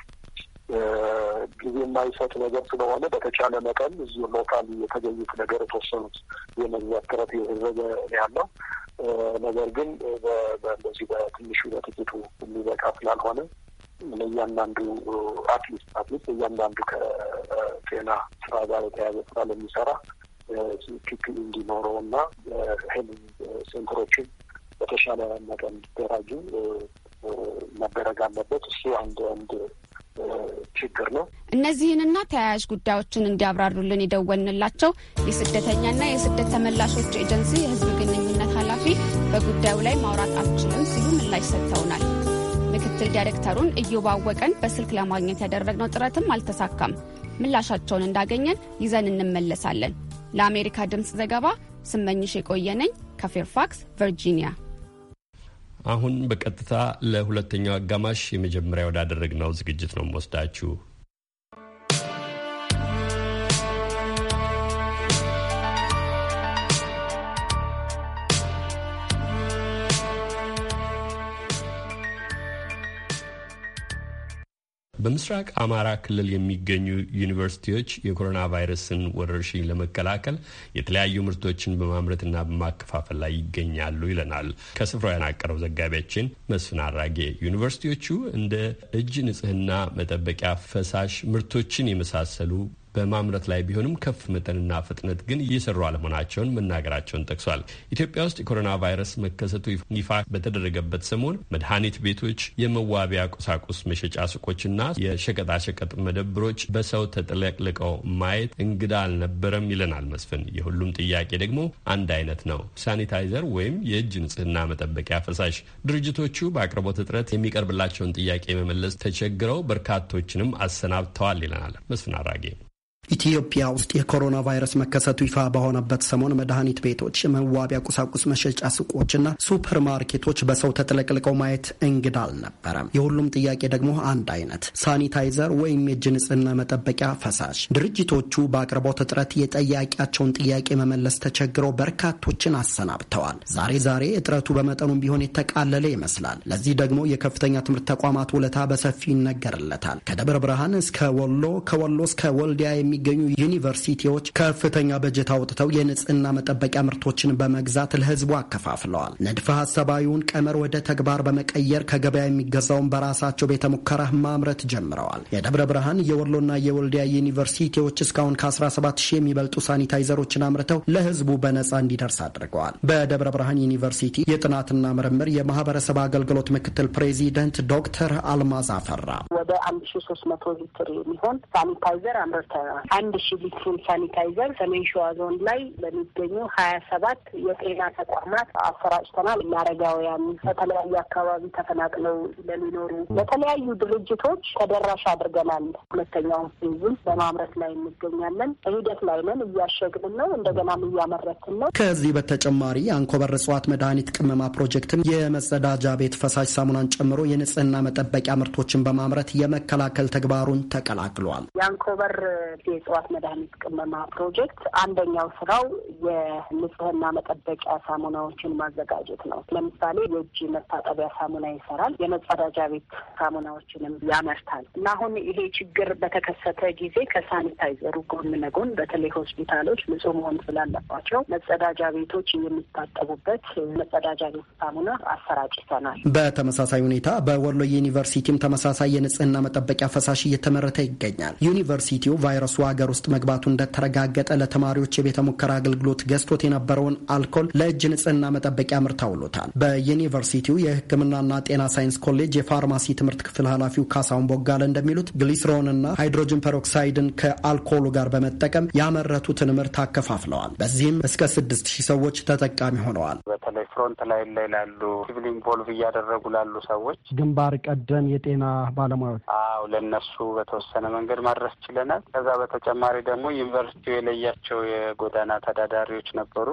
ጊዜ የማይሰጥ ነገር ስለሆነ በተቻለ መጠን እዚሁ ሎካል የተገኙት ነገር የተወሰኑት የመግዛት ጥረት እየተደረገ ያለው ነገር ግን በእንደዚህ በትንሹ በጥቂቱ የሚበቃ ስላልሆነ ለእያንዳንዱ አትሊስት አትሊስት እያንዳንዱ ከጤና ስራ ጋር የተያዘ ስራ ለሚሰራ ትክክል እንዲኖረው እና ሄልዝ ሴንተሮችን በተሻለ መጠን እንዲደራጁ መደረግ አለበት። እሱ አንድ አንድ ችግር ነው። እነዚህንና ተያያዥ ጉዳዮችን እንዲያብራሩልን የደወልንላቸው የስደተኛና የስደት ተመላሾች ኤጀንሲ የህዝብ ግንኙነት ኃላፊ በጉዳዩ ላይ ማውራት አልችልም ሲሉ ምላሽ ሰጥተውናል። ምክትል ዳይሬክተሩን እየባወቀን በስልክ ለማግኘት ያደረግነው ጥረትም አልተሳካም። ምላሻቸውን እንዳገኘን ይዘን እንመለሳለን። ለአሜሪካ ድምፅ ዘገባ ስመኝሽ ነኝ ከፌርፋክስ ቨርጂኒያ። አሁን በቀጥታ ለሁለተኛው አጋማሽ የመጀመሪያ ወዳደረግነው ዝግጅት ነው የምወስዳችሁ። በምስራቅ አማራ ክልል የሚገኙ ዩኒቨርሲቲዎች የኮሮና ቫይረስን ወረርሽኝ ለመከላከል የተለያዩ ምርቶችን በማምረትና በማከፋፈል ላይ ይገኛሉ ይለናል ከስፍራው ያናቀረው ዘጋቢያችን መስፍን አራጌ። ዩኒቨርሲቲዎቹ እንደ እጅ ንጽህና መጠበቂያ፣ ፈሳሽ ምርቶችን የመሳሰሉ በማምረት ላይ ቢሆንም ከፍ መጠንና ፍጥነት ግን እየሰሩ አለመሆናቸውን መናገራቸውን ጠቅሷል። ኢትዮጵያ ውስጥ የኮሮና ቫይረስ መከሰቱ ይፋ በተደረገበት ሰሞን መድኃኒት ቤቶች፣ የመዋቢያ ቁሳቁስ መሸጫ ሱቆችና የሸቀጣሸቀጥ መደብሮች በሰው ተጥለቅልቀው ማየት እንግዳ አልነበረም ይለናል መስፍን። የሁሉም ጥያቄ ደግሞ አንድ አይነት ነው፣ ሳኒታይዘር ወይም የእጅ ንጽህና መጠበቂያ ፈሳሽ። ድርጅቶቹ በአቅርቦት እጥረት የሚቀርብላቸውን ጥያቄ መመለስ ተቸግረው በርካቶችንም አሰናብተዋል ይለናል መስፍን አራጌ። ኢትዮጵያ ውስጥ የኮሮና ቫይረስ መከሰቱ ይፋ በሆነበት ሰሞን መድኃኒት ቤቶች፣ መዋቢያ ቁሳቁስ መሸጫ ሱቆችና ሱፐር ማርኬቶች በሰው ተጥለቅልቀው ማየት እንግዳ አልነበረም። የሁሉም ጥያቄ ደግሞ አንድ አይነት ሳኒታይዘር ወይም የእጅ ንጽህና መጠበቂያ ፈሳሽ። ድርጅቶቹ በአቅርቦት እጥረት የጠያቂያቸውን ጥያቄ መመለስ ተቸግረው በርካቶችን አሰናብተዋል። ዛሬ ዛሬ እጥረቱ በመጠኑም ቢሆን የተቃለለ ይመስላል። ለዚህ ደግሞ የከፍተኛ ትምህርት ተቋማት ውለታ በሰፊው ይነገርለታል። ከደብረ ብርሃን እስከ ወሎ ከወሎ እስከ ወልዲያ የሚ የሚገኙ ዩኒቨርሲቲዎች ከፍተኛ በጀት አውጥተው የንጽህና መጠበቂያ ምርቶችን በመግዛት ለህዝቡ አከፋፍለዋል። ንድፈ ሀሳባዊውን ቀመር ወደ ተግባር በመቀየር ከገበያ የሚገዛውን በራሳቸው ቤተ ሙከራ ማምረት ጀምረዋል። የደብረ ብርሃን የወሎና የወልዲያ ዩኒቨርሲቲዎች እስካሁን ከ17 ሺህ የሚበልጡ ሳኒታይዘሮችን አምርተው ለህዝቡ በነጻ እንዲደርስ አድርገዋል። በደብረ ብርሃን ዩኒቨርሲቲ የጥናትና ምርምር የማህበረሰብ አገልግሎት ምክትል ፕሬዚደንት ዶክተር አልማዝ አፈራ ወደ አንድ ሺ ሶስት መቶ ሊትር የሚሆን ሳኒታይዘር አምርተናል። አንድ ሺ ሊትሩን ሳኒታይዘር ሰሜን ሸዋ ዞን ላይ ለሚገኙ ሀያ ሰባት የጤና ተቋማት አሰራጭተናል። ለአረጋውያን፣ በተለያዩ አካባቢ ተፈናቅለው ለሚኖሩ ለተለያዩ ድርጅቶች ተደራሽ አድርገናል። ሁለተኛውን ፌዝም በማምረት ላይ እንገኛለን። ሂደት ላይ ነን። እያሸግን ነው። እንደገናም እያመረትን ነው። ከዚህ በተጨማሪ የአንኮበር እጽዋት መድኃኒት ቅመማ ፕሮጀክትም የመጸዳጃ ቤት ፈሳሽ ሳሙናን ጨምሮ የንጽህና መጠበቂያ ምርቶችን በማምረት የመከላከል ተግባሩን ተቀላቅሏል። የአንኮበር የእጽዋት መድኃኒት ቅመማ ፕሮጀክት አንደኛው ስራው የንጽህና መጠበቂያ ሳሙናዎችን ማዘጋጀት ነው። ለምሳሌ የእጅ መታጠቢያ ሳሙና ይሰራል። የመጸዳጃ ቤት ሳሙናዎችንም ያመርታል እና አሁን ይሄ ችግር በተከሰተ ጊዜ ከሳኒታይዘሩ ጎን ለጎን በተለይ ሆስፒታሎች ንጹህ መሆን ስላለባቸው መጸዳጃ ቤቶች የሚታጠቡበት መጸዳጃ ቤት ሳሙና አሰራጭተናል። በተመሳሳይ ሁኔታ በወሎ ዩኒቨርሲቲም ተመሳሳይ የንጽህና መጠበቂያ ፈሳሽ እየተመረተ ይገኛል። ዩኒቨርሲቲው ቫይረሱ ሀገር ውስጥ መግባቱ እንደተረጋገጠ ለተማሪዎች የቤተ ሙከራ አገልግሎት ገዝቶት የነበረውን አልኮል ለእጅ ንጽህና መጠበቂያ ምርት አውሎታል። በዩኒቨርሲቲው የህክምናና ጤና ሳይንስ ኮሌጅ የፋርማሲ ትምህርት ክፍል ኃላፊው ካሳሁን ቦጋለ እንደሚሉት ግሊስሮንና ሃይድሮጅን ፐሮክሳይድን ከአልኮሉ ጋር በመጠቀም ያመረቱትን ምርት አከፋፍለዋል። በዚህም እስከ ስድስት ሺህ ሰዎች ተጠቃሚ ሆነዋል። በተለይ ፍሮንት ላይን ላይ ላሉ ሲቪል ኢንቮልቭ እያደረጉ ላሉ ሰዎች ግንባር ቀደም የጤና ባለሙያዎች አው ለእነሱ በተወሰነ መንገድ ማድረስ ችለናል። ከዛ በተጨማሪ ደግሞ ዩኒቨርሲቲው የለያቸው የጎዳና ተዳዳሪዎች ነበሩ።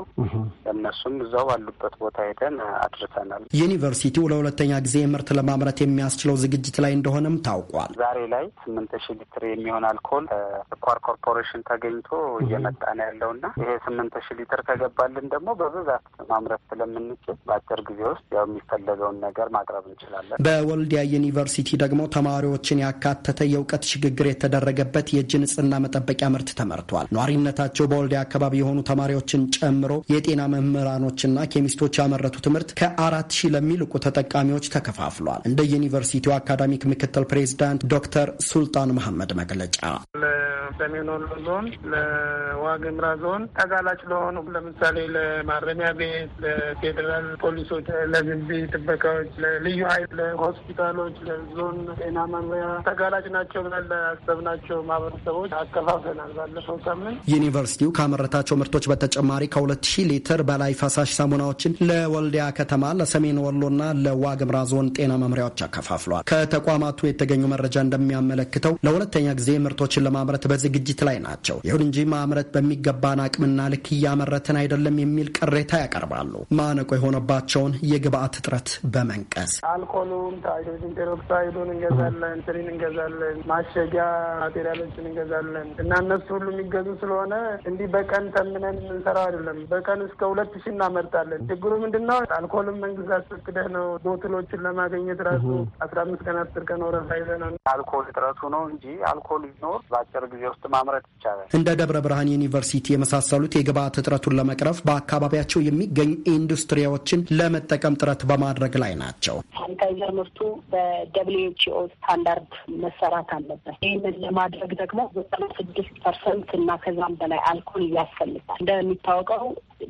እነሱም እዛው ባሉበት ቦታ ሄደን አድርሰናል። ዩኒቨርሲቲው ለሁለተኛ ጊዜ ምርት ለማምረት የሚያስችለው ዝግጅት ላይ እንደሆነም ታውቋል። ዛሬ ላይ ስምንት ሺ ሊትር የሚሆን አልኮል ስኳር ኮርፖሬሽን ተገኝቶ እየመጣ ነው ያለውና ይሄ ስምንት ሺ ሊትር ከገባልን ደግሞ በብዛት ማምረት ስለምንችል በአጭር ጊዜ ውስጥ ያው የሚፈለገውን ነገር ማቅረብ እንችላለን። በወልዲያ ዩኒቨርሲቲ ደግሞ ተማሪዎችን ያካተተ የእውቀት ሽግግር የተደረገበት የእጅ ንጽህና መጠበቂያ ምርት ተመርቷል። ነዋሪነታቸው በወልዲያ አካባቢ የሆኑ ተማሪዎችን ጨምሮ የጤና መምህራኖችና ኬሚስቶች ያመረቱት ምርት ከአራት ሺህ ለሚልቁ ተጠቃሚዎች ተከፋፍሏል። እንደ ዩኒቨርሲቲው አካዳሚክ ምክትል ፕሬዚዳንት ዶክተር ሱልጣን መሐመድ መግለጫ ለሰሜን ወሎ ዞን፣ ለዋግምራ ዞን ተጋላጭ ለሆኑ ለምሳሌ ለማረሚያ ቤት፣ ለፌዴራል ፖሊሶች፣ ለግቢ ጥበቃዎች፣ ለልዩ ኃይል፣ ለሆስፒታሎች፣ ለዞን ጤና መምሪያ ተጋላጭ ናቸው ብለን ላሰብናቸው ማህበረሰቦች ባለፈው ሳምንት። ዩኒቨርሲቲው ካመረታቸው ምርቶች በተጨማሪ ከሁለት ሺህ ሊትር በላይ ፈሳሽ ሳሙናዎችን ለወልዲያ ከተማ፣ ለሰሜን ወሎና ለዋግምራ ዞን ጤና መምሪያዎች አከፋፍሏል። ከተቋማቱ የተገኙ መረጃ እንደሚያመለክተው ለሁለተኛ ጊዜ ምርቶችን ለማምረት በዝግጅት ላይ ናቸው። ይሁን እንጂ ማምረት በሚገባን አቅምና ልክ እያመረትን አይደለም የሚል ቅሬታ ያቀርባሉ። ማነቆ የሆነባቸውን የግብአት እጥረት በመንቀስ አልኮሉን፣ ሃይድሮጂን ፔሮክሳይዱን እንገዛለን፣ ትሪን እንገዛለን፣ ማሸጊያ ማቴሪያሎችን እንገዛለን እና እነሱ ሁሉ የሚገዙ ስለሆነ እንዲህ በቀን ተምነን የምንሰራው አይደለም። በቀን እስከ ሁለት ሺ እናመርጣለን። ችግሩ ምንድን ነው? አልኮልም መንግስት አስፈቅደህ ነው ቦትሎችን ለማገኘት ራሱ አስራ አምስት ቀን አስር ቀን ወረፋ ይዘህ ነው። አልኮል እጥረቱ ነው እንጂ አልኮል ቢኖር በአጭር ጊዜ ውስጥ ማምረት ይቻላል። እንደ ደብረ ብርሃን ዩኒቨርሲቲ የመሳሰሉት የግብአት እጥረቱን ለመቅረፍ በአካባቢያቸው የሚገኙ ኢንዱስትሪዎችን ለመጠቀም ጥረት በማድረግ ላይ ናቸው። ሳኒታይዘር ምርቱ በደብሊው ኤች ኦ ስታንዳርድ መሰራት አለበት። ይህንን ለማድረግ ደግሞ ዘጠና ስድስት ፐርሰንት እና ከዛም በላይ አልኮል ያስፈልጋል። እንደሚታወቀው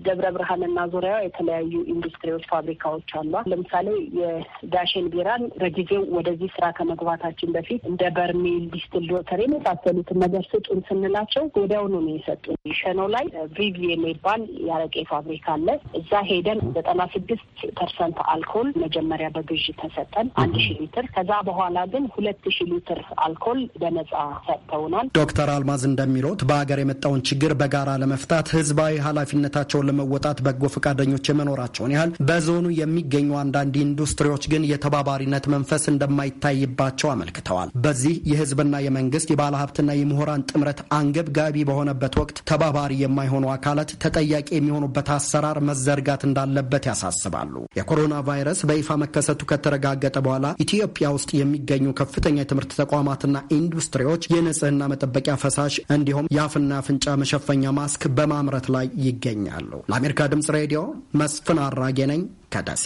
ደብረ ብርሃንና ዙሪያዋ የተለያዩ ኢንዱስትሪዎች፣ ፋብሪካዎች አሉ። ለምሳሌ የዳሽን ቢራን በጊዜው ወደዚህ ስራ ከመግባታችን በፊት እንደ በርሜል፣ ዲስትል ሎተር የመሳሰሉትን ነገር ስጡን ስንላቸው ወዲያውኑ ነው የሰጡን። ሸኖ ላይ ቪቪ የሚባል ያረቄ ፋብሪካ አለ። እዛ ሄደን ዘጠና ስድስት ፐርሰንት አልኮል መጀመሪያ በግዥ ተሰጠን አንድ ሺህ ሊትር። ከዛ በኋላ ግን ሁለት ሺህ ሊትር አልኮል በነጻ ሰጥተውናል። ዶክተር አልማዝ እንደሚሉት በሀገር የመጣውን ችግር በጋራ ለመፍታት ህዝባዊ ኃላፊነታቸውን ለመወጣት በጎ ፈቃደኞች የመኖራቸውን ያህል በዞኑ የሚገኙ አንዳንድ ኢንዱስትሪዎች ግን የተባባሪነት መንፈስ እንደማይታይባቸው አመልክተዋል። በዚህ የህዝብና የመንግስት የባለሀብትና የምሁራን ጥምረት አንገብጋቢ በሆነበት ወቅት ተባባሪ የማይሆኑ አካላት ተጠያቂ የሚሆኑበት አሰራር መዘርጋት እንዳለበት ያሳስባሉ። የኮሮና ቫይረስ በይፋ መከሰቱ ከተረጋገጠ በኋላ ኢትዮጵያ ውስጥ የሚገኙ ከፍተኛ የትምህርት ተቋማትና ኢንዱስትሪዎች የንጽህና መጠበቂያ ፈሳሽ እንዲሁም የአፍና አፍንጫ መሸፈኛ ማስክ በማምረት ላይ ይገኛሉ። ለአሜሪካ ድምጽ ሬዲዮ መስፍን አራጌ ነኝ ከደሴ።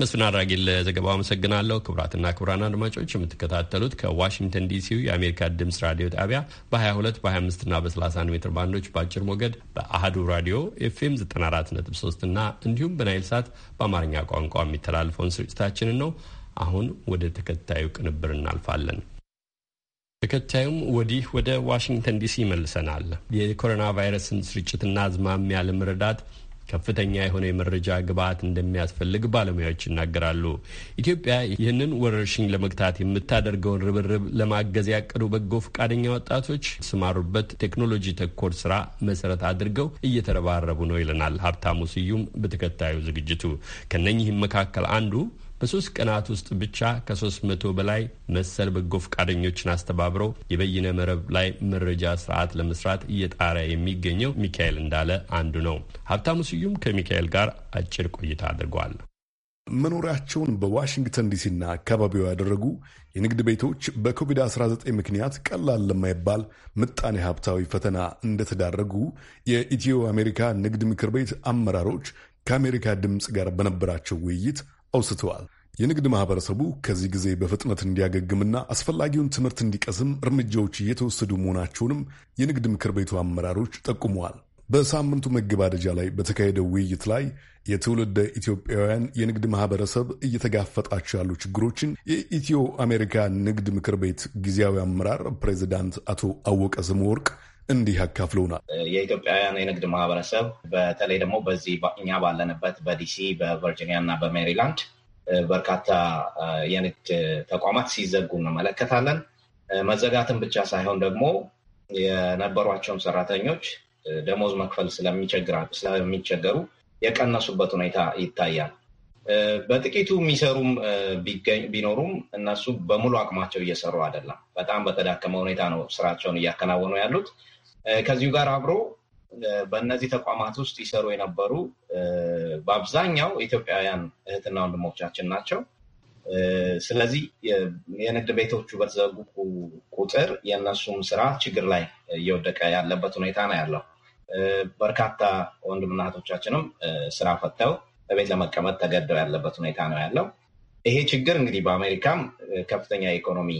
መስፍን አድራጌ ለዘገባው አመሰግናለሁ። ክቡራትና ክቡራን አድማጮች የምትከታተሉት ከዋሽንግተን ዲሲው የአሜሪካ ድምፅ ራዲዮ ጣቢያ በ22 25 እና በ31 ሜትር ባንዶች በአጭር ሞገድ በአህዱ ራዲዮ ኤፍኤም 943 እና እንዲሁም በናይል ሳት በአማርኛ ቋንቋ የሚተላልፈውን ስርጭታችንን ነው። አሁን ወደ ተከታዩ ቅንብር እናልፋለን። ተከታዩም ወዲህ ወደ ዋሽንግተን ዲሲ ይመልሰናል። የኮሮና ቫይረስን ስርጭትና አዝማሚያ ለመረዳት ከፍተኛ የሆነ የመረጃ ግብዓት እንደሚያስፈልግ ባለሙያዎች ይናገራሉ። ኢትዮጵያ ይህንን ወረርሽኝ ለመግታት የምታደርገውን ርብርብ ለማገዝ ያቀዱ በጎ ፈቃደኛ ወጣቶች ስማሩበት ቴክኖሎጂ ተኮር ስራ መሰረት አድርገው እየተረባረቡ ነው ይለናል ሀብታሙ ስዩም በተከታዩ ዝግጅቱ። ከነኚህም መካከል አንዱ በሶስት ቀናት ውስጥ ብቻ ከሶስት መቶ በላይ መሰል በጎ ፈቃደኞችን አስተባብረው የበይነ መረብ ላይ መረጃ ስርዓት ለመስራት እየጣረ የሚገኘው ሚካኤል እንዳለ አንዱ ነው። ሀብታሙ ስዩም ከሚካኤል ጋር አጭር ቆይታ አድርጓል። መኖሪያቸውን በዋሽንግተን ዲሲና አካባቢው ያደረጉ የንግድ ቤቶች በኮቪድ-19 ምክንያት ቀላል ለማይባል ምጣኔ ሀብታዊ ፈተና እንደተዳረጉ የኢትዮ አሜሪካ ንግድ ምክር ቤት አመራሮች ከአሜሪካ ድምፅ ጋር በነበራቸው ውይይት አውስተዋል። የንግድ ማህበረሰቡ ከዚህ ጊዜ በፍጥነት እንዲያገግምና አስፈላጊውን ትምህርት እንዲቀስም እርምጃዎች እየተወሰዱ መሆናቸውንም የንግድ ምክር ቤቱ አመራሮች ጠቁመዋል። በሳምንቱ መገባደጃ ላይ በተካሄደው ውይይት ላይ የትውልደ ኢትዮጵያውያን የንግድ ማህበረሰብ እየተጋፈጣቸው ያሉ ችግሮችን የኢትዮ አሜሪካ ንግድ ምክር ቤት ጊዜያዊ አመራር ፕሬዚዳንት አቶ አወቀ ስመወርቅ እንዲህ አካፍለውናል። የኢትዮጵያውያን የንግድ ማህበረሰብ በተለይ ደግሞ በዚህ እኛ ባለንበት በዲሲ በቨርጂኒያ እና በሜሪላንድ በርካታ የንግድ ተቋማት ሲዘጉ እንመለከታለን። መዘጋትን ብቻ ሳይሆን ደግሞ የነበሯቸውን ሰራተኞች ደሞዝ መክፈል ስለሚቸገሩ የቀነሱበት ሁኔታ ይታያል። በጥቂቱ የሚሰሩም ቢኖሩም እነሱ በሙሉ አቅማቸው እየሰሩ አይደለም። በጣም በተዳከመ ሁኔታ ነው ስራቸውን እያከናወኑ ያሉት። ከዚሁ ጋር አብሮ በእነዚህ ተቋማት ውስጥ ይሰሩ የነበሩ በአብዛኛው ኢትዮጵያውያን እህትና ወንድሞቻችን ናቸው። ስለዚህ የንግድ ቤቶቹ በተዘጉ ቁጥር የእነሱም ስራ ችግር ላይ እየወደቀ ያለበት ሁኔታ ነው ያለው። በርካታ ወንድምና እህቶቻችንም ስራ ፈተው በቤት ለመቀመጥ ተገደው ያለበት ሁኔታ ነው ያለው። ይሄ ችግር እንግዲህ በአሜሪካም ከፍተኛ የኢኮኖሚ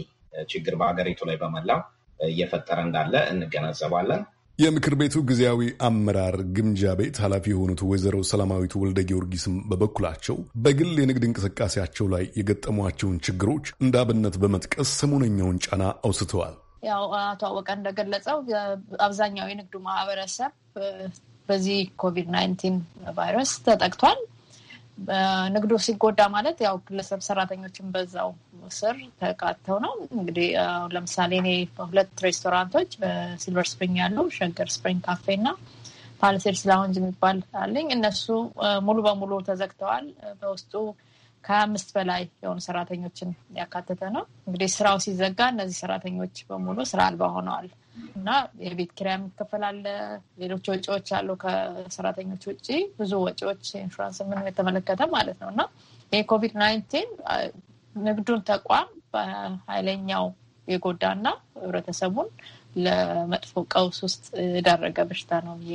ችግር በሀገሪቱ ላይ በመላው እየፈጠረ እንዳለ እንገነዘባለን። የምክር ቤቱ ጊዜያዊ አመራር ግምጃ ቤት ኃላፊ የሆኑት ወይዘሮ ሰላማዊት ወልደ ጊዮርጊስም በበኩላቸው በግል የንግድ እንቅስቃሴያቸው ላይ የገጠሟቸውን ችግሮች እንደ አብነት በመጥቀስ ሰሞነኛውን ጫና አውስተዋል። ያው አቶ አወቀ እንደገለጸው አብዛኛው የንግዱ ማህበረሰብ በዚህ ኮቪድ ናይንቲን ቫይረስ ተጠቅቷል። ንግዱ ሲጎዳ ማለት ያው ግለሰብ ሰራተኞችን በዛው ስር ተቃተው ነው። እንግዲህ ለምሳሌ እኔ በሁለት ሬስቶራንቶች በሲልቨር ስፕሪንግ ያሉ ሸገር ስፕሪንግ ካፌ እና ፓሊሴድስ ላውንጅ የሚባል አለኝ። እነሱ ሙሉ በሙሉ ተዘግተዋል። በውስጡ ከአምስት በላይ የሆኑ ሰራተኞችን ያካተተ ነው። እንግዲህ ስራው ሲዘጋ እነዚህ ሰራተኞች በሙሉ ስራ አልባ ሆነዋል እና የቤት ኪራይ የሚከፈል አለ፣ ሌሎች ወጪዎች አሉ። ከሰራተኞች ውጭ ብዙ ወጪዎች ኢንሹራንስ፣ ምን የተመለከተ ማለት ነው እና የኮቪድ ናይንቲን ንግዱን ተቋም በኃይለኛው የጎዳና ህብረተሰቡን ለመጥፎ ቀውስ ውስጥ የዳረገ በሽታ ነው ብዬ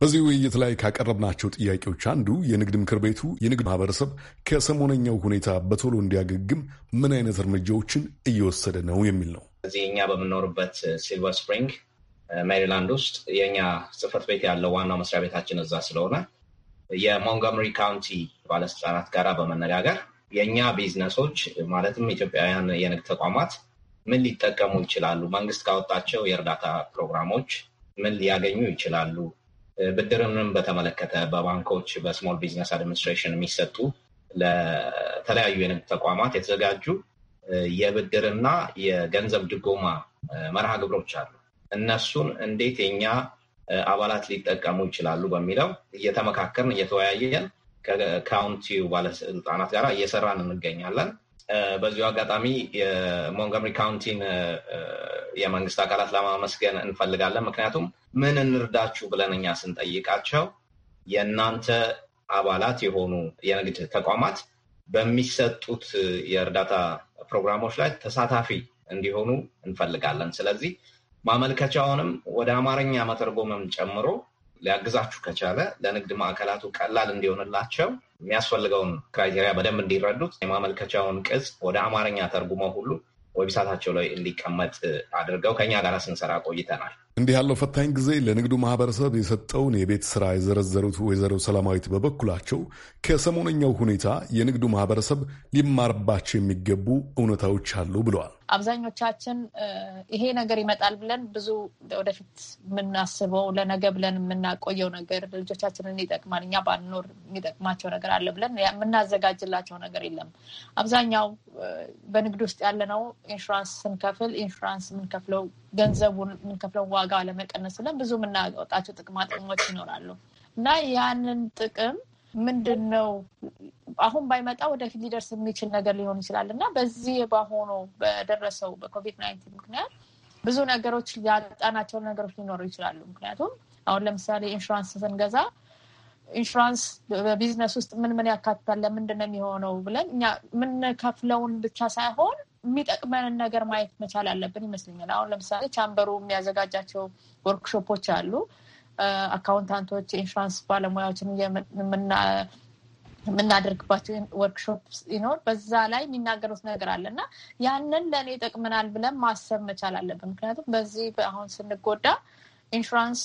በዚህ ውይይት ላይ ካቀረብናቸው ጥያቄዎች አንዱ የንግድ ምክር ቤቱ የንግድ ማህበረሰብ ከሰሞነኛው ሁኔታ በቶሎ እንዲያገግም ምን አይነት እርምጃዎችን እየወሰደ ነው የሚል ነው። እዚህ እኛ በምንኖርበት ሲልቨር ስፕሪንግ ሜሪላንድ ውስጥ የእኛ ጽህፈት ቤት ያለው ዋናው መስሪያ ቤታችን እዛ ስለሆነ የሞንጎመሪ ካውንቲ ባለስልጣናት ጋር በመነጋገር የእኛ ቢዝነሶች ማለትም ኢትዮጵያውያን የንግድ ተቋማት ምን ሊጠቀሙ ይችላሉ? መንግስት ካወጣቸው የእርዳታ ፕሮግራሞች ምን ሊያገኙ ይችላሉ? ብድርንም በተመለከተ በባንኮች በስሞል ቢዝነስ አድሚኒስትሬሽን የሚሰጡ ለተለያዩ የንግድ ተቋማት የተዘጋጁ የብድርና የገንዘብ ድጎማ መርሃ ግብሮች አሉ። እነሱን እንዴት የኛ አባላት ሊጠቀሙ ይችላሉ በሚለው እየተመካከርን እየተወያየን ከካውንቲው ባለስልጣናት ጋር እየሰራን እንገኛለን። Eh, በዚሁ አጋጣሚ የሞንጎምሪ eh, ካውንቲን eh, የመንግስት አካላት ለማመስገን እንፈልጋለን። ምክንያቱም ምን እንርዳችሁ ብለን እኛ ስንጠይቃቸው የእናንተ አባላት የሆኑ የንግድ ተቋማት በሚሰጡት የእርዳታ ፕሮግራሞች ላይ ተሳታፊ እንዲሆኑ እንፈልጋለን። ስለዚህ ማመልከቻውንም ወደ አማርኛ መተርጎምም ጨምሮ ሊያግዛችሁ ከቻለ ለንግድ ማዕከላቱ ቀላል እንዲሆንላቸው የሚያስፈልገውን ክራይቴሪያ በደንብ እንዲረዱት የማመልከቻውን ቅጽ ወደ አማርኛ ተርጉመው ሁሉ ዌብሳይታቸው ላይ እንዲቀመጥ አድርገው ከኛ ጋር ስንሰራ ቆይተናል። እንዲህ ያለው ፈታኝ ጊዜ ለንግዱ ማህበረሰብ የሰጠውን የቤት ስራ የዘረዘሩት ወይዘሮ ሰላማዊት በበኩላቸው ከሰሞነኛው ሁኔታ የንግዱ ማህበረሰብ ሊማርባቸው የሚገቡ እውነታዎች አሉ ብለዋል። አብዛኞቻችን ይሄ ነገር ይመጣል ብለን ብዙ ወደፊት የምናስበው ለነገ ብለን የምናቆየው ነገር ልጆቻችንን ይጠቅማል፣ እኛ ባንኖር የሚጠቅማቸው ነገር አለ ብለን የምናዘጋጅላቸው ነገር የለም። አብዛኛው በንግድ ውስጥ ያለነው ኢንሹራንስ ስንከፍል ኢንሹራንስ የምንከፍለው ገንዘቡን የምንከፍለው ዋጋ ለመቀነስ ብለን ብዙ የምናወጣቸው ጥቅማ ይኖራሉ እና ያንን ጥቅም ምንድን ነው አሁን ባይመጣ ወደፊት ሊደርስ የሚችል ነገር ሊሆን ይችላል እና በዚህ በአሁኑ በደረሰው በኮቪድ ናይንቲን ምክንያት ብዙ ነገሮች ያጣናቸው ነገሮች ሊኖሩ ይችላሉ። ምክንያቱም አሁን ለምሳሌ ኢንሹራንስ ስንገዛ ኢንሹራንስ በቢዝነስ ውስጥ ምን ምን ያካትታል፣ ለምንድን ነው የሚሆነው ብለን እኛ የምንከፍለውን ብቻ ሳይሆን የሚጠቅመንን ነገር ማየት መቻል አለብን ይመስለኛል። አሁን ለምሳሌ ቻምበሩ የሚያዘጋጃቸው ወርክሾፖች አሉ። አካውንታንቶች፣ ኢንሹራንስ ባለሙያዎችን የምናደርግባቸው ወርክሾፕ ይኖር በዛ ላይ የሚናገሩት ነገር አለ እና ያንን ለእኔ ይጠቅመናል ብለን ማሰብ መቻል አለብን። ምክንያቱም በዚህ አሁን ስንጎዳ ኢንሹራንስ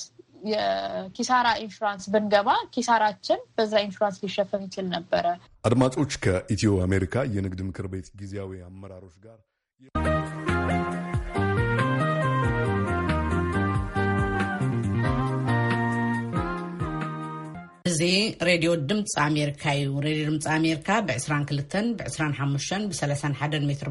የኪሳራ ኢንሹራንስ ብንገባ ኪሳራችን በዛ ኢንሹራንስ ሊሸፈን ይችል ነበረ። አድማጮች ከኢትዮ አሜሪካ የንግድ ምክር ቤት ጊዜያዊ አመራሮች ጋር እዚ ሬድዮ ድምፂ ኣሜሪካ እዩ ሬድዮ ድምፂ ኣሜሪካ ብ22 ብ25 ብ31 ሜትር